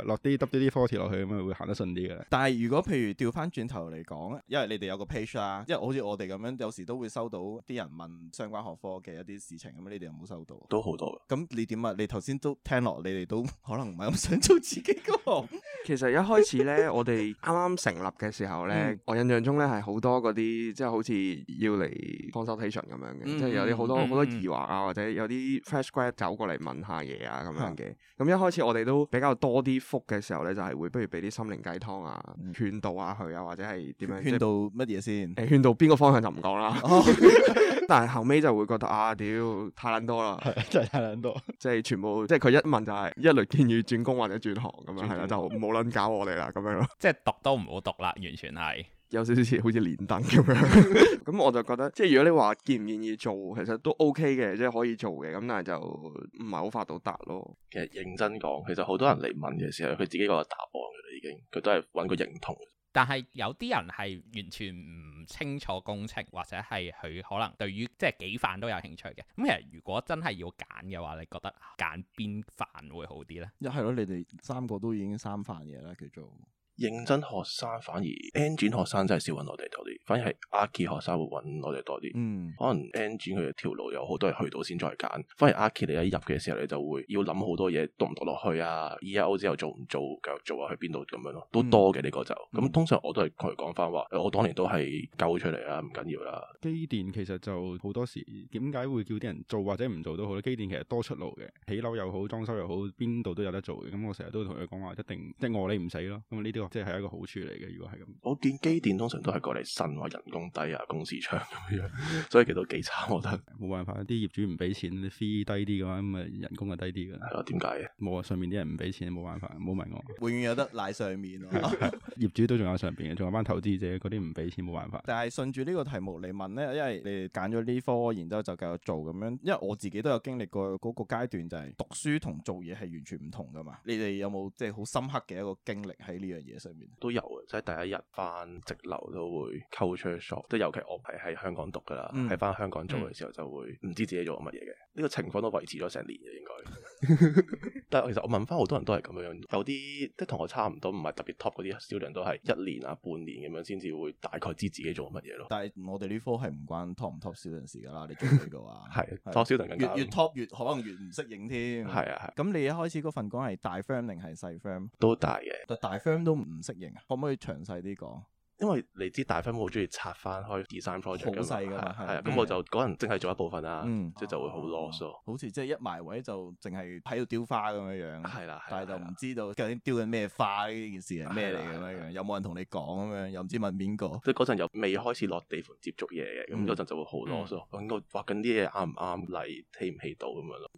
落啲 WD-40 落去咁樣會行得順啲嘅咧。但係如果譬如調翻轉頭嚟講，因為你哋有個 page 啦，啊，因為好似我哋咁樣，有時都會收到啲人問相關學科嘅一啲事情，咁你哋有冇收到？都好多。咁你點啊？你頭先都聽落，你哋都可能唔係咁想做自己個。 其實一開始咧， 我哋啱啱成立嘅時候咧， 我印象中咧係好多嗰啲即係好似要嚟 consultation 咁樣嘅，即係、嗯嗯、有啲好多好、嗯、多疑惑啊，或者有啲 fresh grad 走過嚟問下嘢啊咁樣嘅。咁一開始我哋都比較多啲。啲福嘅時候咧，就係會不如俾啲心靈雞湯啊，嗯、勸導下佢啊，或者係點樣勸導乜嘢先？誒，勸導邊個方向就唔講啦。哦、 但係後尾就會覺得啊，屌太撚多啦，係真係太撚多，即係全部即係佢一問就係一律建議轉工或者轉行咁樣，係啦，就冇撚搞我哋啦咁樣。即係 讀都唔好讀啦，完全係。有少少似好似連登咁樣、 嗯，咁我就覺得，即係如果你話建唔建議做，其實都 OK 嘅，即係可以做嘅，咁但係就唔係好發到達咯。其實認真講，其實好多人嚟問嘅時候，佢自己個答案，嘅啦，已經佢都係揾個認同。但係有啲人係完全唔清楚工程，或者係佢可能對於即係幾飯都有興趣嘅。咁其實如果真係要揀嘅話，你覺得揀邊飯會好啲咧？一係咯，你哋三個都已經三飯嘢啦，叫做。認真學生反而 Engine 學生真係少揾我哋多啲，反而係 Arch 學生會揾我哋多啲。嗯，可能 Engine 佢條路有好多人去到先再揀，反而 Arch 你一入嘅時候你就會要諗好多嘢，讀唔讀落去啊？EIO 之後做唔做，繼續做啊？去邊度咁樣咯，都多嘅呢、嗯、個就。咁、嗯、通常我都係同佢講翻話，我當年都係救出嚟啦、啊，唔緊要啦。機電其實就好多時，點解會叫啲人做或者唔做都好咧？機電其實多出路嘅，起樓又好，裝修又好，邊度都有得做嘅。咁我成日都同佢講話，一定即係餓你唔使咯。咁呢啲。即係一個好處嚟嘅，如果係咁，我見機電通常都係過嚟呻話人工低啊，工時長咁樣， 所以其實都幾差，我覺得冇辦法，啲業主唔俾錢，你 fee 低啲嘅話，咁啊，人工係低啲噶啦，係，點解？冇啊，上面啲人唔俾錢，冇辦法，冇問我，永遠有得賴上面咯 業主都仲有上邊嘅，仲有班投資者嗰啲唔俾錢，冇辦法。 但係順住呢個題目嚟問咧，因為你揀咗呢科，然之後就繼續做咁樣，因為我自己都有經歷過嗰個階段，就係讀書同做嘢係完全唔同噶嘛。你哋有冇即係好深刻嘅一個經歷喺呢樣嘢？上面都有嘅，即、就、係、是、第一日翻直流都會 culture shop，即係尤其我係喺香港讀㗎啦，喺翻、嗯、香港做嘅時候就會唔知自己做乜嘢嘅。呢個情況都維持咗成年嘅應該， 但係其實我問翻好多人都係咁樣，有啲即係同我差唔多，唔係特別 top 嗰啲，小頓都係一年啊半年咁樣先至會大概知自己做乜嘢咯。但係我哋呢科係唔關 top 唔 top 小頓事噶啦，你做呢嘅啊，係 top 小頓越 top 越，越可能越唔適應添。係 啊，咁、啊、你一開始嗰份工係大 f r i e n d 定係細 f r i e n d 都大嘅，但大 f r i e n d 都唔適應啊？可唔可以詳細啲講？因為你知大 firm 好中意拆翻開 design project 咁嘛，係啊，咁我就嗰陣淨係做一部分啦，即係就會好囉嗦。好似即係一埋位就淨係喺度雕花咁樣樣，係啦，但係就唔知道究竟雕緊咩花呢件事係咩嚟咁樣樣，有冇人同你講咁樣，又唔知問邊個。即係嗰陣又未開始落地盤接觸嘢嘅，咁嗰陣就會好囉嗦，搵個畫緊啲嘢啱唔啱嚟，起唔起到咁樣咯。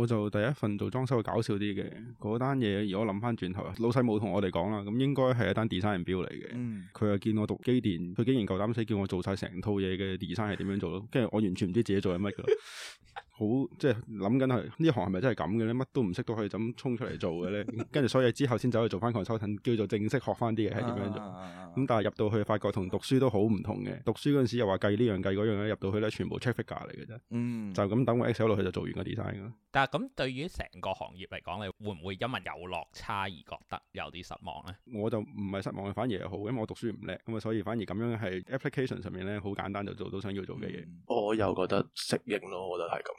我就第一份做裝修搞笑啲嘅，嗰單嘢如果諗翻轉頭，老細冇同我哋講啦，咁應該係一單 design build 嚟嘅，佢。又見我讀機電，佢竟然夠膽死叫我做晒成套嘢嘅 design 係點樣做咯。跟住我完全唔知自己做緊乜噶。 好即係諗緊係呢行係咪真係咁嘅咧？乜都唔識都可以咁衝出嚟做嘅咧？跟住 所以之後先走去做翻 creative design 叫做正式學翻啲嘢係點樣做。咁、啊、但係入到去發覺同讀書都好唔同嘅。讀書嗰陣時又話計呢樣計嗰樣，入到去咧全部 check figure 嚟嘅啫。嗯，就咁等個 excel 落去就做完個 design 咯。但係咁對於成個行業嚟講，你會唔會因為有落差而覺得有啲失望咧？我就唔係失望，反而又好，因為我讀書唔叻咁啊，所以反而咁樣係 application 上面咧好簡單就做到想要做嘅嘢。嗯、我又覺得適應咯，我覺得係咁。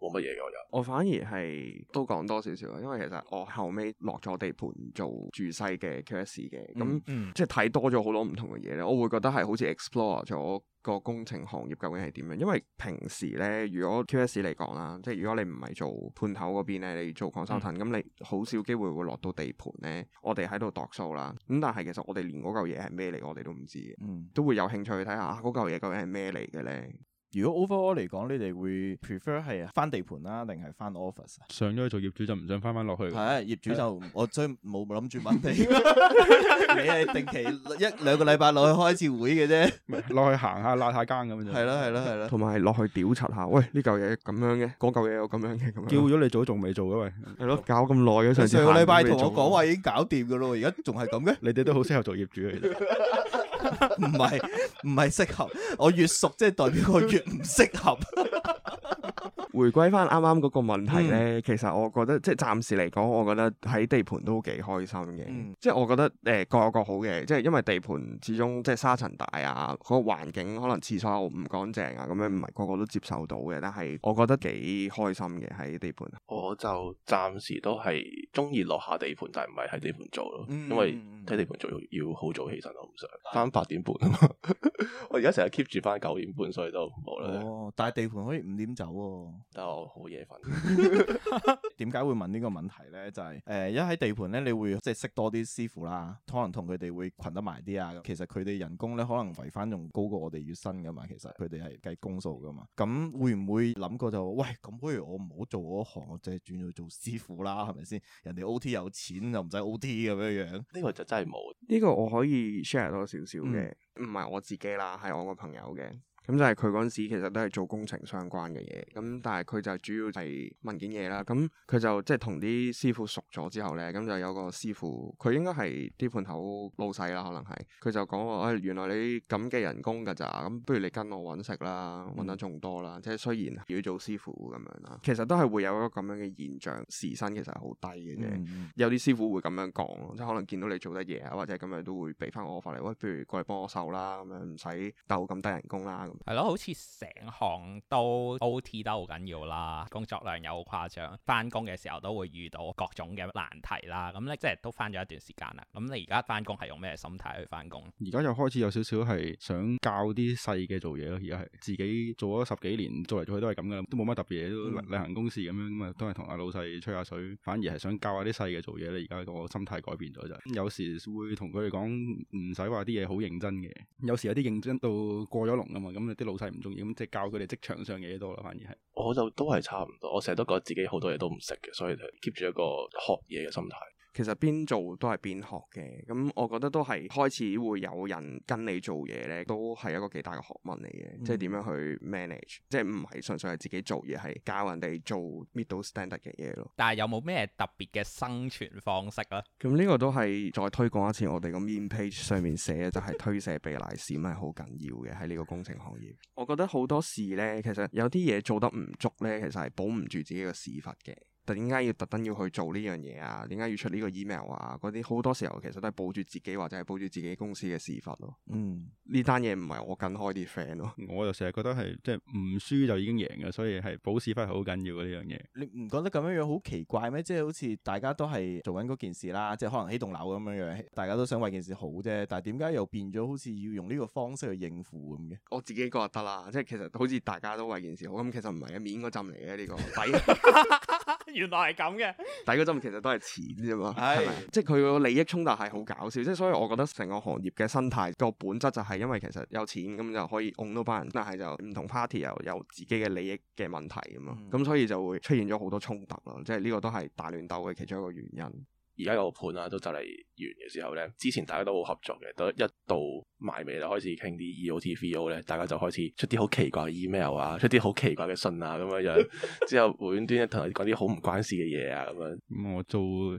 冇乜嘢，我反而係都講多少少，因為其實我後尾落咗地盤做住西嘅 QS 嘅，咁即係睇多咗好多唔同嘅嘢咧，我會覺得係好似 explore 咗個工程行業究竟係點樣，因為平時咧，如果 QS 嚟講啦，即係如果你唔係做判頭嗰邊咧，你做 consultant 咁，你好少機會會落到地盤咧，我哋喺度度數啦，咁但係其實我哋連嗰嚿嘢係咩嚟，我哋都唔知嘅，都會有興趣去睇下嗰嚿嘢究竟係咩嚟嘅咧。啊那個如果 overall 嚟講，你哋會 prefer 係翻地盤啦，定係翻 office？上咗去做業主就唔想翻翻落去。係業主就我最冇諗住問你，你係定期一兩個禮拜落去開一次會嘅啫，落去行下邋遢間咁樣。係咯係咯係咯。同埋落去屌柒下，喂呢嚿嘢咁樣嘅，嗰嚿嘢咁樣嘅，叫咗你做都仲未做嘅喂。係咯，搞咁耐嘅，上次上個禮拜同我講話已經搞掂嘅咯，而家仲係咁嘅。你哋都好適合做業主嘅，其實唔係唔係適合。我越熟，即係代表我越。唔適合。回歸翻啱啱嗰個問題咧，嗯、其實我覺得即係暫時嚟講，我覺得喺地盤都幾開心嘅。嗯、即係我覺得誒各有各好嘅，即係因為地盤始終即係沙塵大啊，嗰、個環境可能廁所唔乾淨啊，咁樣唔係個個都接受到嘅。但係我覺得幾開心嘅喺地盤，嗯嗯嗯嗯。我就暫但時都係中意落下地盤，但係唔係喺地盤做咯，因為喺地盤做要好早起身，我唔想翻八點半啊嘛。 我而家成日 keep 住翻九點半，所以都好啦。哦，但係地盤可以五點走，啊。就好夜瞓，點解會問呢個問題咧？就係、是、誒，一、呃、喺地盤咧，你會即係識多啲師傅啦，可能同佢哋會群得埋啲啊。其實佢哋人工咧可能圍翻仲高過我哋月薪噶嘛。其實佢哋係計工數噶嘛。咁會唔會諗過就喂？咁不如我唔好做嗰行，我即係轉去做師傅啦，係咪先？人哋 OT 有錢又唔使 OT 咁樣樣。呢個就真係冇。呢個我可以 share 多少少嘅，唔係、嗯、我自己啦，係我個朋友嘅。咁就係佢嗰陣時其實都係做工程相關嘅嘢，咁但係佢就主要係文件嘢啦。咁佢就即係同啲師傅熟咗之後咧，咁就有個師傅，佢應該係啲盤口老細啦，可能係佢就講話，哎，原來你咁嘅人工㗎咋，咁不如你跟我揾食啦，揾得仲多啦。嗯、即係雖然要做師傅咁樣啦，其實都係會有一個咁樣嘅現象，時薪其實係好低嘅啫。嗯嗯、有啲師傅會咁樣講，即係可能見到你做得嘢啊，或者咁樣都會俾翻我份嚟，喂、哎，不如過嚟幫我手啦，咁樣唔使鬥咁低人工啦。係咯，好似成行都 OT 都好緊要啦，工作量又好誇張，翻工嘅時候都會遇到各種嘅難題啦。咁你即係都翻咗一段時間啦。咁你而家翻工係用咩心態去翻工？而家又開始有少少係想教啲細嘅做嘢咯。而家係自己做咗十幾年，做嚟做去都係咁嘅，都冇乜特別嘢，都例行公事咁樣，咁啊都係同阿老細吹下水。反而係想教下啲細嘅做嘢咧。而家個心態改變咗就係，有時會同佢哋講唔使話啲嘢好認真嘅。有時有啲認真到過咗龍啊嘛，咁。啲老細唔中意，咁即係教佢哋職場上嘅嘢多啦，反而係我就都係差唔多，我成日都覺得自己好多嘢都唔識嘅，所以就 keep 住一個學嘢嘅心態。其實邊做都係邊學嘅，咁我覺得都係開始會有人跟你做嘢呢都係一個幾大嘅學問嚟嘅，嗯、即係點樣去 manage，即係唔係純粹係自己做嘢，係教人哋做 middle standard 嘅嘢咯。但係有冇咩特別嘅生存方式咧？咁呢個都係再推廣一次我哋個 meme page 上面寫嘅，就係、是、推卸避賴閃係好緊要嘅喺呢個工程行業。 我覺得好多事呢，其實有啲嘢做得唔足呢，其實係保唔住自己個屎忽嘅。就點解要特登要去做呢樣嘢啊？點解要出呢個 email 啊？嗰啲好多時候其實都係保住自己或者係保住自己公司嘅事發咯、啊。嗯，呢單嘢唔係我跟開啲 friend 咯。我就成日覺得係即係唔輸就已經贏嘅，所以係保市發係好緊要嘅呢樣嘢。你唔覺得咁樣樣好奇怪咩？即係好似大家都係做緊嗰件事啦，即係可能起棟樓咁樣樣，大家都想為件事好啫。但係點解又變咗好似要用呢個方式去應付咁嘅？我自己覺得啦，即係其實好似大家都為件事好咁，其實唔係一面嗰浸嚟嘅呢個 原來係咁嘅，抵嗰陣其實都係錢啫嘛，係咪？ 即係佢個利益衝突係好搞笑，即係所以我覺得成個行業嘅生態個本質就係因為其實有錢咁就可以哄到班人，但係就唔同 party 又有，有自己嘅利益嘅問題咁啊，咁所以就會出現咗好多衝突咯，即係呢個都係大亂鬥嘅其中一個原因。而家個盤啦，都就嚟完嘅時候咧，之前大家都好合作嘅，都一到埋尾就開始傾啲 EOTVO 咧，大家就開始出啲好奇怪嘅 email 啊，出啲好奇怪嘅信啊咁樣樣， 之後無端端同佢講啲好唔關事嘅嘢啊咁樣、嗯。我做業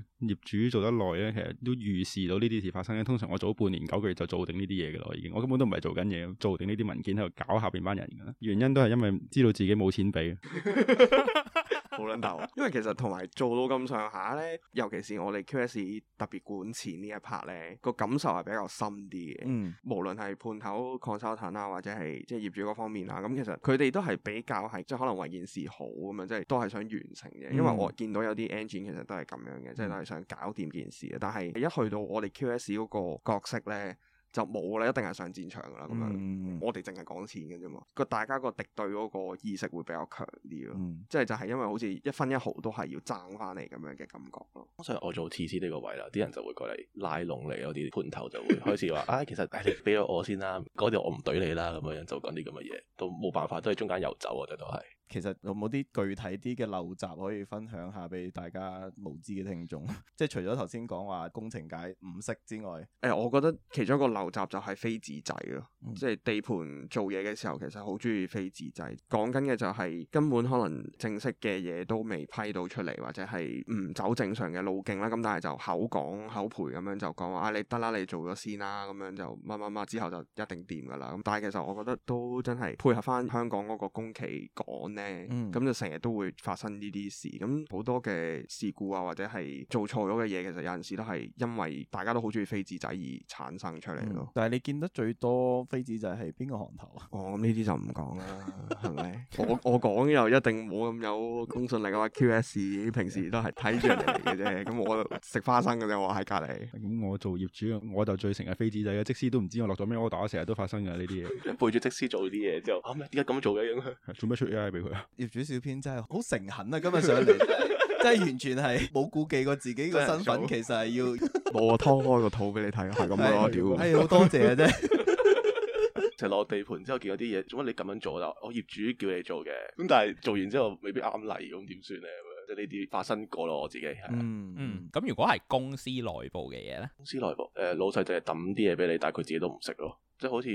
主做得耐咧，其實都預視到呢啲事發生嘅，通常我做半年九個月就做定呢啲嘢嘅啦，已經，我根本都唔係做緊嘢，做定呢啲文件喺度搞下邊班人嘅啦，原因都係因為知道自己冇錢俾。 冇諗到， 因為其實同埋做到咁上下咧，尤其是我哋 QS 特別管錢呢一 part 咧，個感受係比較深啲嘅。嗯、無論係判頭 contract 啊，或者係即係業主嗰方面啦、啊，咁其實佢哋都係比較係即係可能為件事好咁樣，即、就、係、是、都係想完成嘅。嗯、因為我見到有啲 engine 其實都係咁樣嘅，即係、嗯、都係想搞掂件事嘅。但係一去到我哋 QS 嗰個角色咧。就冇啦，一定係上戰場噶啦，咁樣、嗯、我哋淨係講錢嘅啫嘛，個大家個敵對嗰個意識會比較強啲咯，即係、嗯、就係因為好似一分一毫都係要爭翻嚟，咁樣嘅感覺咯。所以我做 C C 呢個位啦，啲人就會過嚟拉攏你，有啲盤頭就會開始話： 啊，其實你俾咗我先啦，嗰條 我唔對你啦，咁樣就講啲咁嘅嘢，都冇辦法，都係中間游走我哋都係。其實有冇啲具體啲嘅陋習可以分享下俾大家無知嘅聽眾？即 係除咗頭先講話工程界唔識之外，誒、哎，我覺得其中一個陋習就係飛紙仔咯。嗯、即係地盤做嘢嘅時候，其實好中意飛紙仔。講緊嘅就係、是、根本可能正式嘅嘢都未批到出嚟，或者係唔走正常嘅路徑啦。咁但係就口講口賠咁樣就講話啊，你得啦，你做咗先啦，咁樣就乜乜乜之後就一定掂㗎喇。咁但係其實我覺得都真係配合翻香港嗰個工期趕。咧咁、嗯、就成日都會發生呢啲事，咁好多嘅事故啊，或者係做錯咗嘅嘢，其實有陣時都係因為大家都好中意飛紙仔而產生出嚟咯。嗯、但係你見得最多飛紙仔係邊個行頭啊？哦，呢啲就唔講啦，係咪 我我講又一定冇咁有，有公信力啊！Q S 平時都係睇住人哋嘅啫。咁 我食花生嘅啫，我喺隔籬。咁、嗯、我做業主，我就最成日飛紙仔嘅，即使都唔知我落咗咩 order，成日都發生噶呢啲嘢。 背住即使做呢啲嘢之後，啊咩？點解咁做嘅？ 做咩出 IR 俾佢業主小編真係好誠懇啊，今日上嚟 真係完全係冇顧忌過自己個身份，是其實係要冇我攤開個肚俾你睇，係咁咯，屌！ 係好 多謝嘅啫。就落地盤之後見到啲嘢，做乜你咁樣做？就我業主叫你做嘅，咁但係做完之後未必啱例。咁點算咧？即係呢啲發生過咯，我自己係。嗯嗯，咁、嗯、如果係公司內部嘅嘢咧？公司內部誒、呃，老細就係抌啲嘢俾你，但係佢自己都唔識咯。即係好似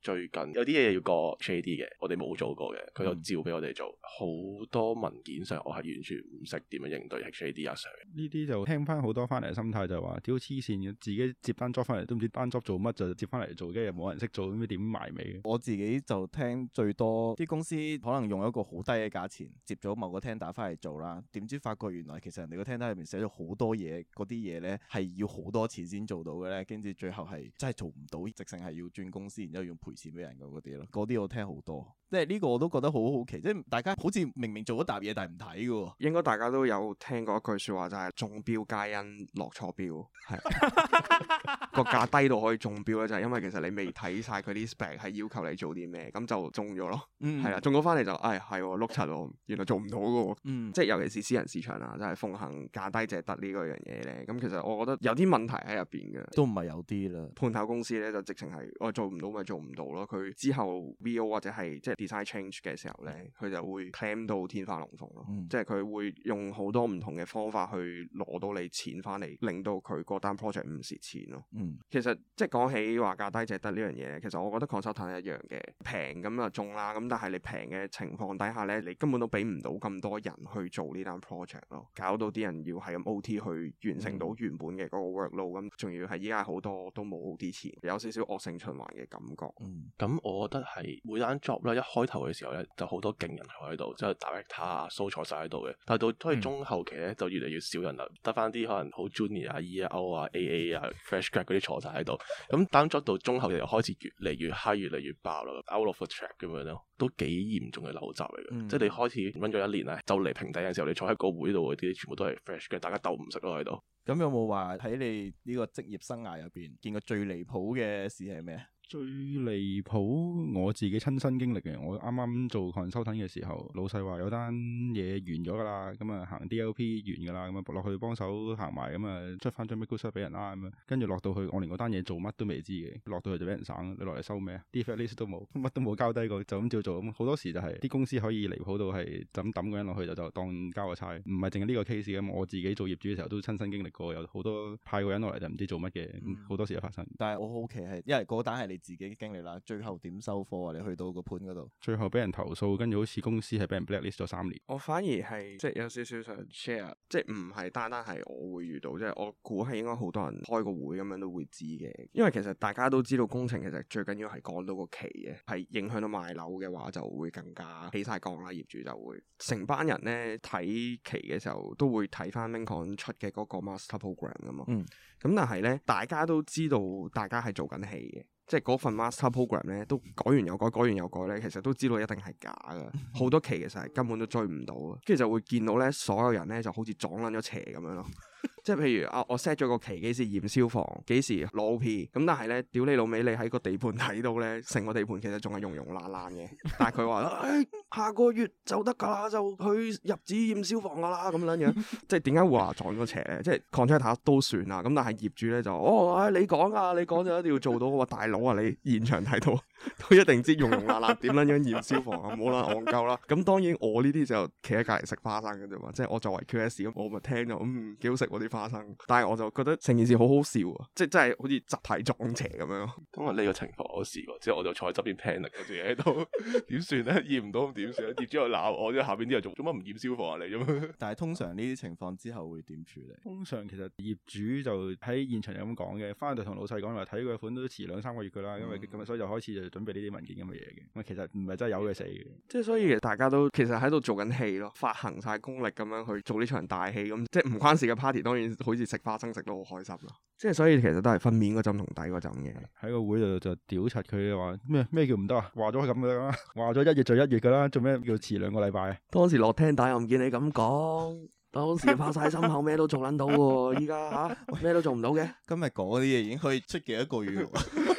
最近有啲嘢要過 HADD 嘅，我哋冇做過嘅，佢就照俾我哋做。好、嗯、多文件上我係完全唔識點樣應對 HADD 阿 Sir。呢啲就聽翻好多翻嚟嘅心態就係話屌黐線嘅，自己接單 job 翻嚟都唔知單 job 做乜，就是、接翻嚟做，做，跟住又冇人識做咁樣，點埋尾。我自己就聽最多啲公司可能用一個好低嘅價錢接咗某個 tender 翻嚟做啦，點知發覺原來其實人哋個 tender 入面寫咗好多嘢，嗰啲嘢咧係要好多錢先做到嘅咧，跟住最後係真係做唔到，直情係要公司然之後用賠錢俾人嗰啲咯，嗰啲我聽好多，即係呢個我都覺得好好奇，即係大家好似明明做咗沓嘢，但係唔睇嘅喎。應該大家都有聽過一句説話，就係、是、中標皆因落錯標，係個價低到可以中標咧，就係、是、因為其實你未睇晒佢啲 spec 係要求你做啲咩，咁就中咗咯。嗯，係啦，中咗翻嚟就誒係喎，碌柒喎，原來做唔到嘅喎。即係、嗯、尤其是私人市場啦，就係、是、奉行價低者得呢個樣嘢咧。咁其實我覺得有啲問題喺入邊嘅，都唔係有啲啦。判頭公司咧就直情係做唔到咪做唔到咯。佢之後 VO 或者係即係 design change 嘅時候咧，佢、嗯、就會 claim 到天花龍鳳咯。嗯、即係佢會用好多唔同嘅方法去攞到你錢翻嚟，令到佢嗰單 project 唔蝕錢咯。嗯，其實即係講起話價低隻得呢樣嘢，其實我覺得 contract 係一樣嘅平咁就中啦。咁但係你平嘅情況底下咧，你根本都俾唔到咁多人去做呢單 project 咯，搞到啲人要係咁 OT 去完成到原本嘅嗰個 work load、嗯。咁、嗯、仲、嗯嗯、要係依家好多都冇啲錢有少少惡性循嘅感覺，咁、嗯、我覺得係每單 job 咧，一開頭嘅時候咧，就好多勁人喺度，即係 director 啊、show 坐晒喺度嘅。但係到都係中後期咧，就越嚟越少人啦，得翻啲可能好 junior 啊、E 啊、O 啊、AA 啊、fresh grad 嗰啲坐晒喺度。咁單 job 到中後期又開始越嚟越 high，越嚟越爆啦，out of the track 咁樣咯，都幾嚴重嘅陋習嚟嘅。嗯、即係你開始揾咗一年啦，就嚟平底嘅時候，你坐喺個會度嗰啲全部都係 fresh grad，大家鬥唔識咯喺度。咁有冇話喺你呢個職業生涯入邊見過最離譜嘅事係咩？最離譜，我自己親身經歷嘅，我啱啱做緊收攤嘅時候，老細話有單嘢完咗噶啦，咁、嗯、啊行 DLP 完噶啦，咁啊落去幫手行埋，咁、嗯、啊出翻張咩 good sheet 俾人啦，咁啊跟住落到去，我連嗰單嘢做乜都未知嘅，落到去就俾人省，你落嚟收咩？啲 file 都冇，乜都冇交低過，就咁照做。咁好多時就係啲公司可以離譜到係就咁抌個人落去就就當交個差，唔係淨係呢個 case 咁，我自己做業主嘅時候都親身經歷過，有好多派個人落嚟就唔知做乜嘅，好多時都發生。但係我好奇係，因為嗰單係。你自己經歷啦，最後點收貨啊？你去到個盤嗰度，最後俾人投訴，跟住好似公司係俾人 blacklist 咗三年。我反而係即係有少少想 share，即係唔係單單係我會遇到，即係我估係應該好多人開個會咁樣都會知嘅。因為其實大家都知道工程其實最緊要係趕到個期嘅，係影響到賣樓嘅話就會更加起晒降啦。業主就會成班人呢睇期嘅時候都會睇翻 Main Con 出嘅嗰個 master program 啊嘛。嗯。咁但係呢，大家都知道大家係做緊戲嘅。即係嗰份 master program 咧，都改完又改，改完又改咧，其實都知道一定係假㗎，好多期其實係根本都追唔到嘅，跟住就會見到咧，所有人咧就好似撞撚咗邪咁樣咯。 即係譬如啊，我 set 咗個期幾時驗消防，幾時攞 P，咁但係咧，屌你老味，你喺個地盤睇到咧，成個地盤其實仲係融融爛爛嘅。但係佢話：誒、哎、下個月就得㗎，就去入紙驗消防㗎啦。咁樣樣，即係點解會話撞咗邪咧？即係 contract 下都算啦。咁但係業主咧就：哦，你講㗎，你講就一定要做到。個、哦、大佬啊，你現場睇到都一定知融融爛爛點樣樣驗消防，冇啦戇鳩啦。咁、嗯、當然我呢啲就企喺隔籬食花生嘅啫嘛。即係我作為 Q S 咁，我咪聽咗，嗯幾好食喎啲。發生，但係我就覺得成件事好好笑啊！即係真係好似集體撞邪咁樣咯。咁啊呢個情況我都試過，之後我就坐喺側邊聽啊，有啲嘢喺度點算咧？業唔到咁點算？業主又鬧我，即係下邊啲人做，做乜唔檢消防啊你？咁但係通常呢啲情況之後會點處理？通常其實業主就喺現場講就咁講嘅，翻去就同老細講話睇佢款都遲兩三個月佢啦，因為咁啊，嗯、所以就開始就準備呢啲文件咁嘅嘢嘅。咁其實唔係真係有嘅死嘅，即係所以大家都其實喺度做緊戲咯，發行晒功力咁樣去做呢場大戲咁，即係唔關事嘅 party 當然。好似食花生食到好開心咯，即係所以其實都係分面嗰針同底嗰針嘅，喺個會度就屌柒佢話咩咩叫唔得啊？話咗係咁噶啦，話咗一月就一月噶啦，做咩叫遲兩個禮拜啊？當時落廳打又唔見你咁講， 當時發晒心口咩 都做撚到喎，依家吓咩都做唔到嘅。今日講嗰啲嘢已經可以出幾多個月。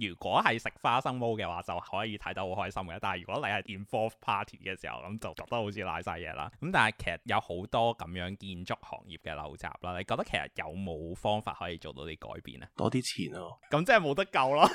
如果係食花生毛嘅話，就可以睇得好開心嘅。但係如果你係 involved party 嘅時候，咁就覺得好似賴晒嘢啦。咁但係其實有好多咁樣建築行業嘅陋習啦。你覺得其實有冇方法可以做到啲改變呢啊？多啲錢咯。咁即係冇得救啦。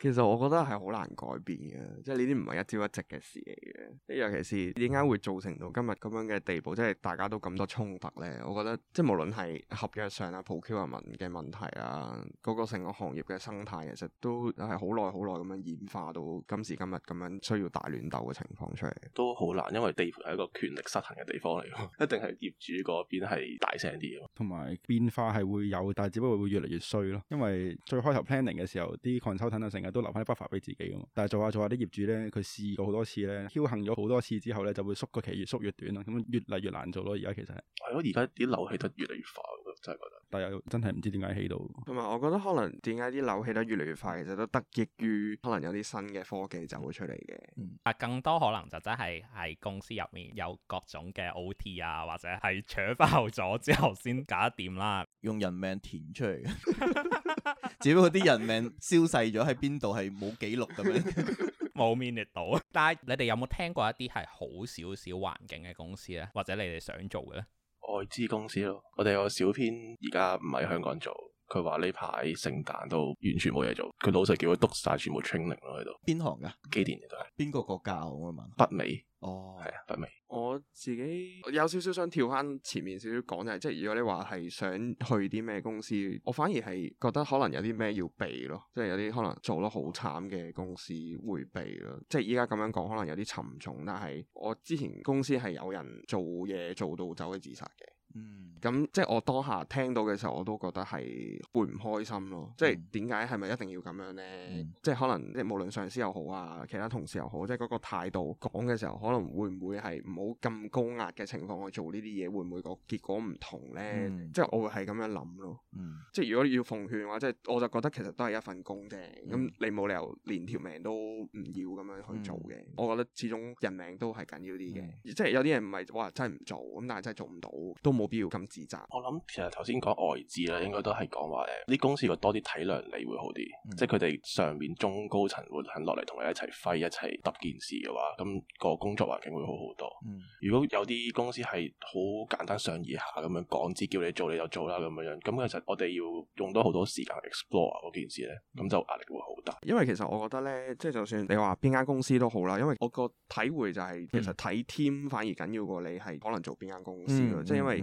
其實我覺得係好難改變嘅，即係呢啲唔係一朝一夕嘅事嚟嘅。尤其是點解會造成到今日咁樣嘅地步，即係大家都咁多衝突咧？我覺得即係無論係合約上啊、procurement 嘅問題啊、嗰個成個行業嘅生，態其實都係好耐好耐咁樣演化到今時今日咁樣需要大亂鬥嘅情況出嚟，都好難，因為地盤係一個權力失衡嘅地方嚟，一定係業主嗰邊係大聲啲，同埋變化係會有，但係只不過會越嚟越衰咯。因為最開頭 planning 嘅時候，啲 consultant 都成日都留翻啲 buffer 俾自己噶嘛。但係做下做下啲業主咧，佢試過好多次咧，僥幸咗好多次之後咧，就會縮個期越縮越短咯，咁越嚟越難做咯。而家其實係咯，而家啲樓起得越嚟越快，真係覺得。但又真係唔知點解起到，同埋我覺得可能點解啲樓起得越嚟越快，其實都得益於可能有啲新嘅科技就會出嚟嘅。但、嗯、更多可能就真係喺公司入面有各種嘅 OT 啊，或者係搶爆咗之後先搞得掂啦。用人命填出嚟，只不過啲人命消逝咗喺邊度係冇記錄咁樣，冇 minute 到。 no、meaning 但係你哋有冇聽過一啲係好少少環境嘅公司咧，或者你哋想做嘅咧？外資公司咯，我哋個小編而家唔喺香港做。佢話呢排聖誕都完全冇嘢做，佢老細叫佢督晒全部 training 咯喺度。邊行噶？機電嘅都係。邊個國家啊嘛？北美。哦。係啊，北美。我自己我有少少想跳翻，前面少少講就係，即係如果你話係想去啲咩公司，我反而係覺得可能有啲咩要避咯，即係有啲可能做得好慘嘅公司會避咯。即係依家咁樣講，可能有啲沉重，但係我之前公司係有人做嘢做到走去自殺嘅。嗯，咁即係我當下聽到嘅時候，我都覺得係會唔開心咯。即係點解係咪一定要咁樣呢？嗯、即係可能即係無論上司又好啊，其他同事又好，即係嗰個態度講嘅時候，可能會唔會係唔好咁高壓嘅情況去做呢啲嘢，會唔會個結果唔同呢？嗯、即係我會係咁樣諗咯。嗯、即係如果要奉勸嘅話，即係我就覺得其實都係一份工啫。咁、嗯、你冇理由連條命都唔要咁樣去做嘅。嗯、我覺得始終人命都係緊要啲嘅。嗯嗯、即係有啲人唔係話真係唔做咁，但係真係做唔到都。冇必要咁自責。我諗其實頭先講外資咧，應該都係講話誒，啲公司要多啲體諒你會好啲，嗯、即係佢哋上面中高層會肯落嚟同你一齊揮一齊揼件事嘅話，咁、個工作環境會好好多。嗯、如果有啲公司係好簡單上意下咁樣講，只叫你做你就做啦咁樣樣，咁其實我哋要用多好多時間 explore 嗰件事咧，咁就壓力會好大。因為其實我覺得咧，即係就算你話邊間公司都好啦，因為我個體會就係、是、其實睇 team 反而緊要過你係可能做邊間公司、嗯、即係因為。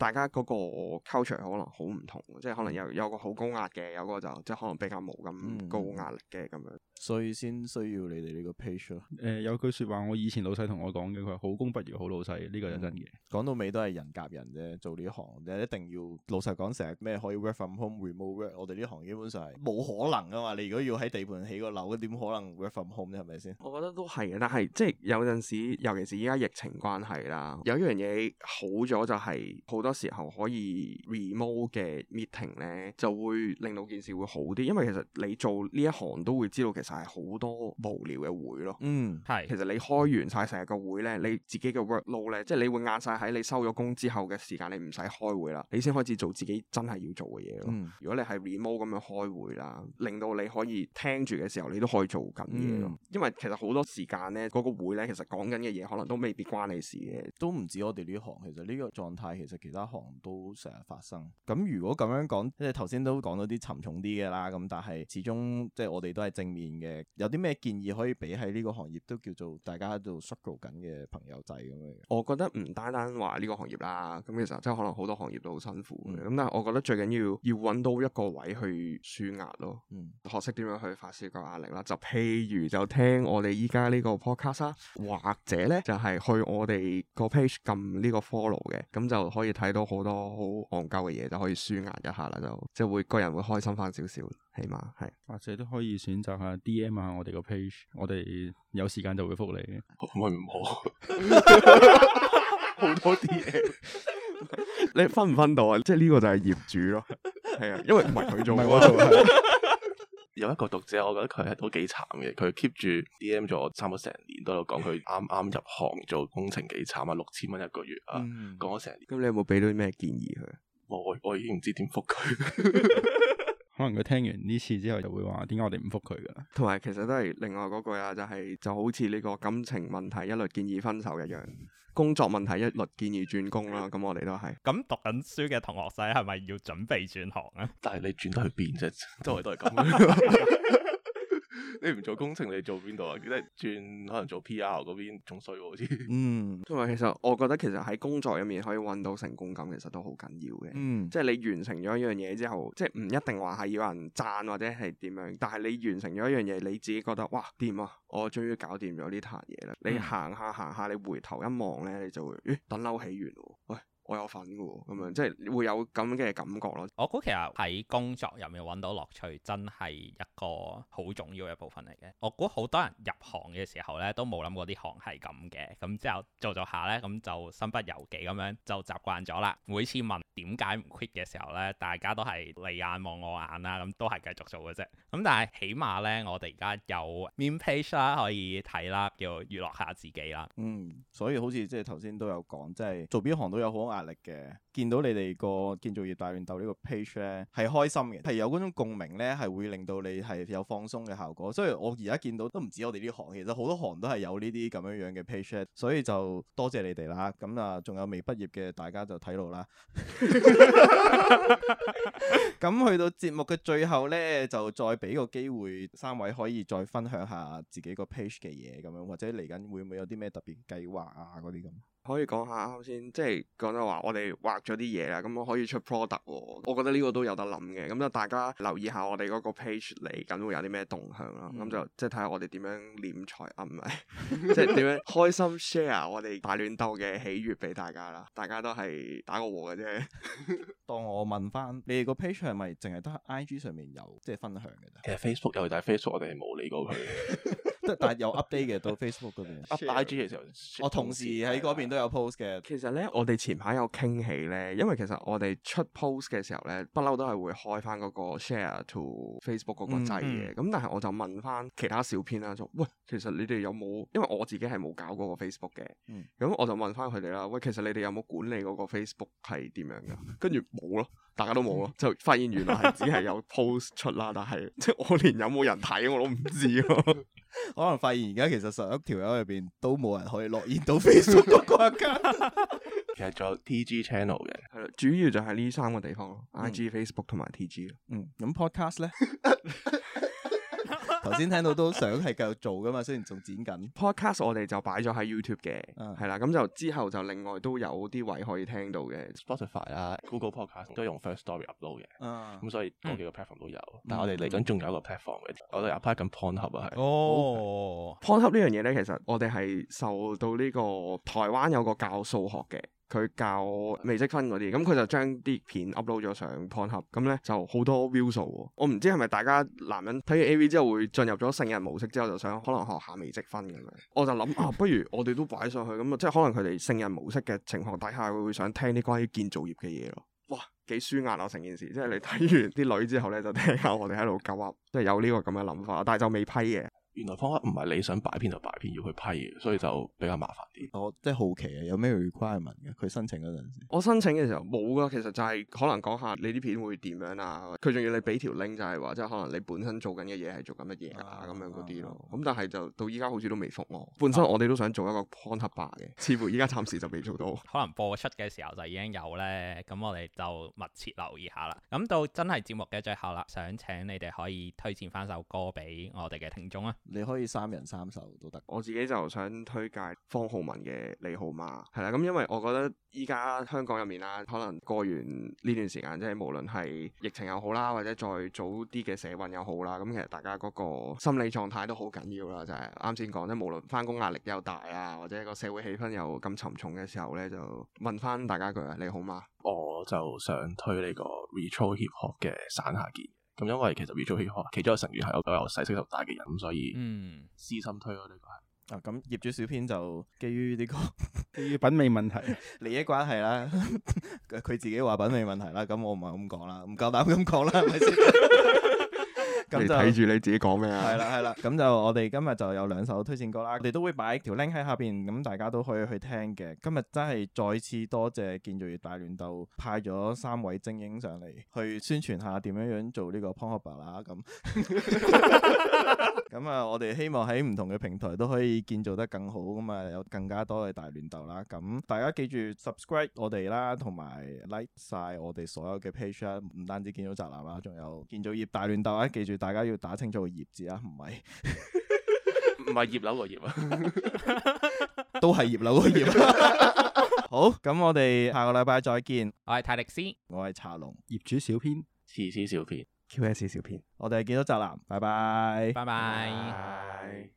大家嗰個 culture 可能好唔同，即係可能有有個好高壓嘅，有個就即係可能比較冇咁高壓力嘅咁、嗯、樣，所以先需要你哋呢個 page 咯、呃。誒有句説話，我以前老細同我講嘅，佢話好工不如好老細，呢、呢個真真嘅。講、嗯、到尾都係人夾人啫，做呢行又、就是、一定要老實講，成日咩可以 work from home、remote work，我哋呢行基本上係冇可能噶嘛。你如果要喺地盤起個樓，點可能 work from home 咧？係咪先？我覺得都係嘅，但係即係有陣時，尤其是依家疫情關係啦，有樣嘢好咗就係好多。有時候可以 remote 嘅 meeting 咧，就會令到件事會好啲，因為其實你做呢一行都會知道，其實係好多無聊嘅會咯。嗯，係。其實你開完晒成日個會咧，你自己嘅 workload 咧，即係你會晏晒喺你收咗工之後嘅時間，你唔使開會啦，你先開始做自己真係要做嘅嘢咯。如果你係 remote 咁樣開會啦，令到你可以聽住嘅時候，你都可以做緊嘢咯。因為其實好多時間咧，嗰個會咧，其實講緊嘅嘢可能都未必關你事嘅，都唔止我哋呢一行。其實呢個狀態其實其實。一行都成日發生咁，如果咁樣講，即係頭先都講到啲沉重啲嘅啦。咁但係始終即係我哋都係正面嘅，有啲咩建議可以俾喺呢個行業都叫做大家做 struggle 緊嘅朋友仔咁樣，我覺得唔單單話呢個行業啦，咁其實真係可能好多行業都好辛苦咁。嗯、但係我覺得最緊要要揾到一個位去舒壓咯，嗯，學識點樣去發洩個壓力啦。就譬如就聽我哋依家呢個 podcast 啊，或者咧就係、是、去我哋個 page 撳呢個 follow 嘅，咁就可以。睇到好多好戇鳩嘅嘢，就可以舒壓一下啦，就即係會個人會，會開心返少少，起碼係。或者都可以選擇下 D M 啊。我哋個 page，我哋有時間就會覆你。唔係唔好，好 多 D M， 你分唔分到啊？ 即係呢個就係業主咯，係 啊，因為唔係佢做。 有一個讀者，我覺得佢係都幾慘嘅。佢 keep 住 DM 咗差唔多成年，都喺度講佢啱啱入行做工程幾慘啊，六千蚊一個月啊，講咗成年。咁、嗯、你有冇俾到啲咩建議佢？我我已經唔知點覆佢。 可能佢聽完呢次之後就會話：點解我哋唔復佢噶啦？同埋其實都係另外嗰句啊，就係、是、就好似呢個感情問題一律建議分手一樣，嗯、工作問題一律建議轉工啦。咁、嗯、我哋都係。咁讀緊書嘅同學仔係咪要準備轉行啊？但係你轉到去邊啫？周圍 都係咁。你唔做工程，你做邊度啊？即係轉可能做 PR 嗰邊仲衰喎，好似、啊。嗯，同埋其實我覺得其實喺工作入面可以搵到成功感，其實都好緊要嘅。嗯，即係你完成咗一樣嘢之後，即係唔一定話係有人讚或者係點樣，但係你完成咗一樣嘢，你自己覺得哇掂啊！我終於搞掂咗呢壇嘢啦！嗯、你行下行下，你回頭一望呢，你就會咦，等樓起完。我有份㗎喎，咁樣即係會有咁嘅感覺咯。我估其實喺工作入面揾到樂趣，真係一個好重要嘅一部分嚟嘅。我估好多人入行嘅時候呢都冇諗過啲行係咁嘅。咁之後做做下呢，咁就身不由己咁樣就習慣咗啦。每次問點解唔 quit 嘅時候呢，大家都係你眼望我眼啦，咁都係繼續做嘅啫。咁但係起碼呢，我哋而家有 meme page 啦，可以睇啦，叫娛樂下自己啦。嗯，所以好似即係頭先都有講，即係做邊行都有好壓力嘅，見到你哋個建造孽大亂鬥呢個 page 咧，係開心嘅，係有嗰種共鳴咧，係會令到你係有放鬆嘅效果。所以我而家見到都唔止我哋呢行，其實好多行都係有呢啲咁樣樣嘅 page，所以就多謝你哋啦。咁啊，仲有未畢業嘅大家就睇路啦。咁去到節目嘅最後咧，就再俾個機會三位可以再分享下自己個 page 嘅嘢咁樣，或者嚟緊會唔會有啲咩特別計劃啊嗰啲咁。可以講下啱先，即係講到話我哋畫咗啲嘢啦，咁我可以出 product 喎。我覺得呢個都有得諗嘅，咁就大家留意下我哋嗰個 page 嚟緊會有啲咩動向啦。咁、嗯、就即係睇下我哋點樣斂財，唔、啊、係 即係點樣開心 share 我哋大亂鬥嘅喜悅俾大家啦。大家都係打個和嘅啫。當我問翻你哋個 page 係咪淨係得 IG 上面有即係分享嘅啫？其實 Facebook 有，但係 Facebook 我哋冇理過佢。 即係 但有 update 嘅到 Facebook 嗰邊，update 嘅時候，我 Share, share,、oh，同時喺嗰邊都有 post 嘅。Post 其實咧，我哋前排有傾起咧，因為其實我哋出 post 嘅時候咧，不嬲都係會開翻嗰個 share to Facebook 嗰個掣嘅。咁、嗯嗯、但係我就問翻其他小編啦，就喂，其實你哋有冇？因為我自己係冇搞嗰個 Facebook 嘅。咁、嗯、我就問翻佢哋啦，喂，其實你哋有冇管理嗰個 Facebook 係點樣噶？跟住冇咯，大家都冇咯， 就發現原來係只係有 post 出啦，但係即係我連有冇人睇我都唔知咯。 可能發現而家其實十一條友入邊，都冇人可以落現到 Facebook 個 account，其實仲有 T G channel 嘅，係咯，主要就係呢三個地方咯，I G、Facebook 同埋 T G。嗯，咁 podcast 咧？頭先 聽到都想係繼續做噶嘛，雖然仲剪緊。Podcast 我哋就擺咗喺 YouTube 嘅，係啦、啊，咁就之後就另外都有啲位可以聽到嘅，Spotify 啦、啊、Google Podcast 都用 First Story upload 嘅，咁、啊、所以多幾個 platform 都有。嗯、但係我哋嚟緊仲有一個 platform 嘅、嗯，我哋 upload 緊 Pod 盒啊，係。哦。的 Pod 盒呢樣嘢咧，其實我哋係受到呢、這個台灣有個教數學嘅。佢教微積分嗰啲，咁佢就將啲片 upload 咗上 pornhub 咁咧就好多 view 數喎。我唔知係咪大家男人睇完 AV 之後會進入咗聖人模式之後，就想可能學下微積分咁樣。我就諗啊，不如我哋都擺上去，咁啊即係可能佢哋聖人模式嘅情況底下會想聽啲關於建造業嘅嘢咯。哇，幾舒壓啊！成件事即係你睇完啲女之後咧，就聽下我哋喺度九 up，即係有呢個咁嘅諗法，但係就未批嘅。原來方案唔係你想擺片就擺片，要去批嘅，所以就比較麻煩啲。我、oh, 即係好奇啊，有咩 requirement 嘅、啊？佢申請嗰陣時，我申請嘅時候冇噶、啊，其實就係可能講下你啲片會點樣啊。佢仲要你俾條 link，就係話即係可能你本身做緊嘅嘢係做緊乜嘢啊，咁樣嗰啲咯。咁但係就到依家好似都未覆我。本身我哋都想做一個 point up 嘅，似乎依家暫時就未做到。 可能播出嘅時候就已經有咧，咁我哋就密切留意下啦。咁到真係節目嘅最後啦，想請你哋可以推薦翻首歌俾我哋嘅聽眾啊。你可以三人三首都得。我自己就想推介方皓玟嘅你好嗎，係啦。咁因為我覺得依家香港入面啦，可能過完呢段時間，即係無論係疫情又好啦，或者再早啲嘅社運又好啦，咁其實大家嗰個心理狀態都好緊要啦。就係啱先講，即係無論翻工壓力又大啊，或者個社會氣氛又咁沉重嘅時候咧，就問翻大家一句啊，你好嗎？我就想推呢個 Retroll HIP HOP 嘅山下見。咁因為其實越做越開，其中嘅成員係有都有細聲又大嘅人，咁所以，嗯，私心推咯呢個。啊，咁業主小編就基於呢個， 基於品味問題、利益 關係啦。佢 自己話品味問題啦，咁我唔係咁講啦，唔夠膽咁講啦，係咪先？咁睇住你自己講咩啊？係啦， 係啦。咁就我哋今日就有兩首推薦歌啦，我哋都會擺條 link 喺下邊，咁大家都可以去聽嘅。今日真係再次多謝建造業大亂鬥派咗三位精英上嚟去宣傳下點樣樣做呢個 pony bar 啦。咁咁啊，我哋希望喺唔同嘅平台都可以建造得更好，咁啊有更加多嘅大亂鬥啦。咁大家記住 subscribe 我哋啦，同埋 like 晒我哋所有嘅 page 啦，唔單止建築宅男啦，仲有建造業大亂鬥啊！記住。大家要打清楚個孽字啊，唔係唔係葉樓個葉啊， 都係葉樓個葉啊。 好，咁我哋下個禮拜再見。我係泰力斯，我係茶龍，孽主小編，廁獅小編，QS 小編。小編我哋建築宅男，拜拜，拜拜 bye。Bye bye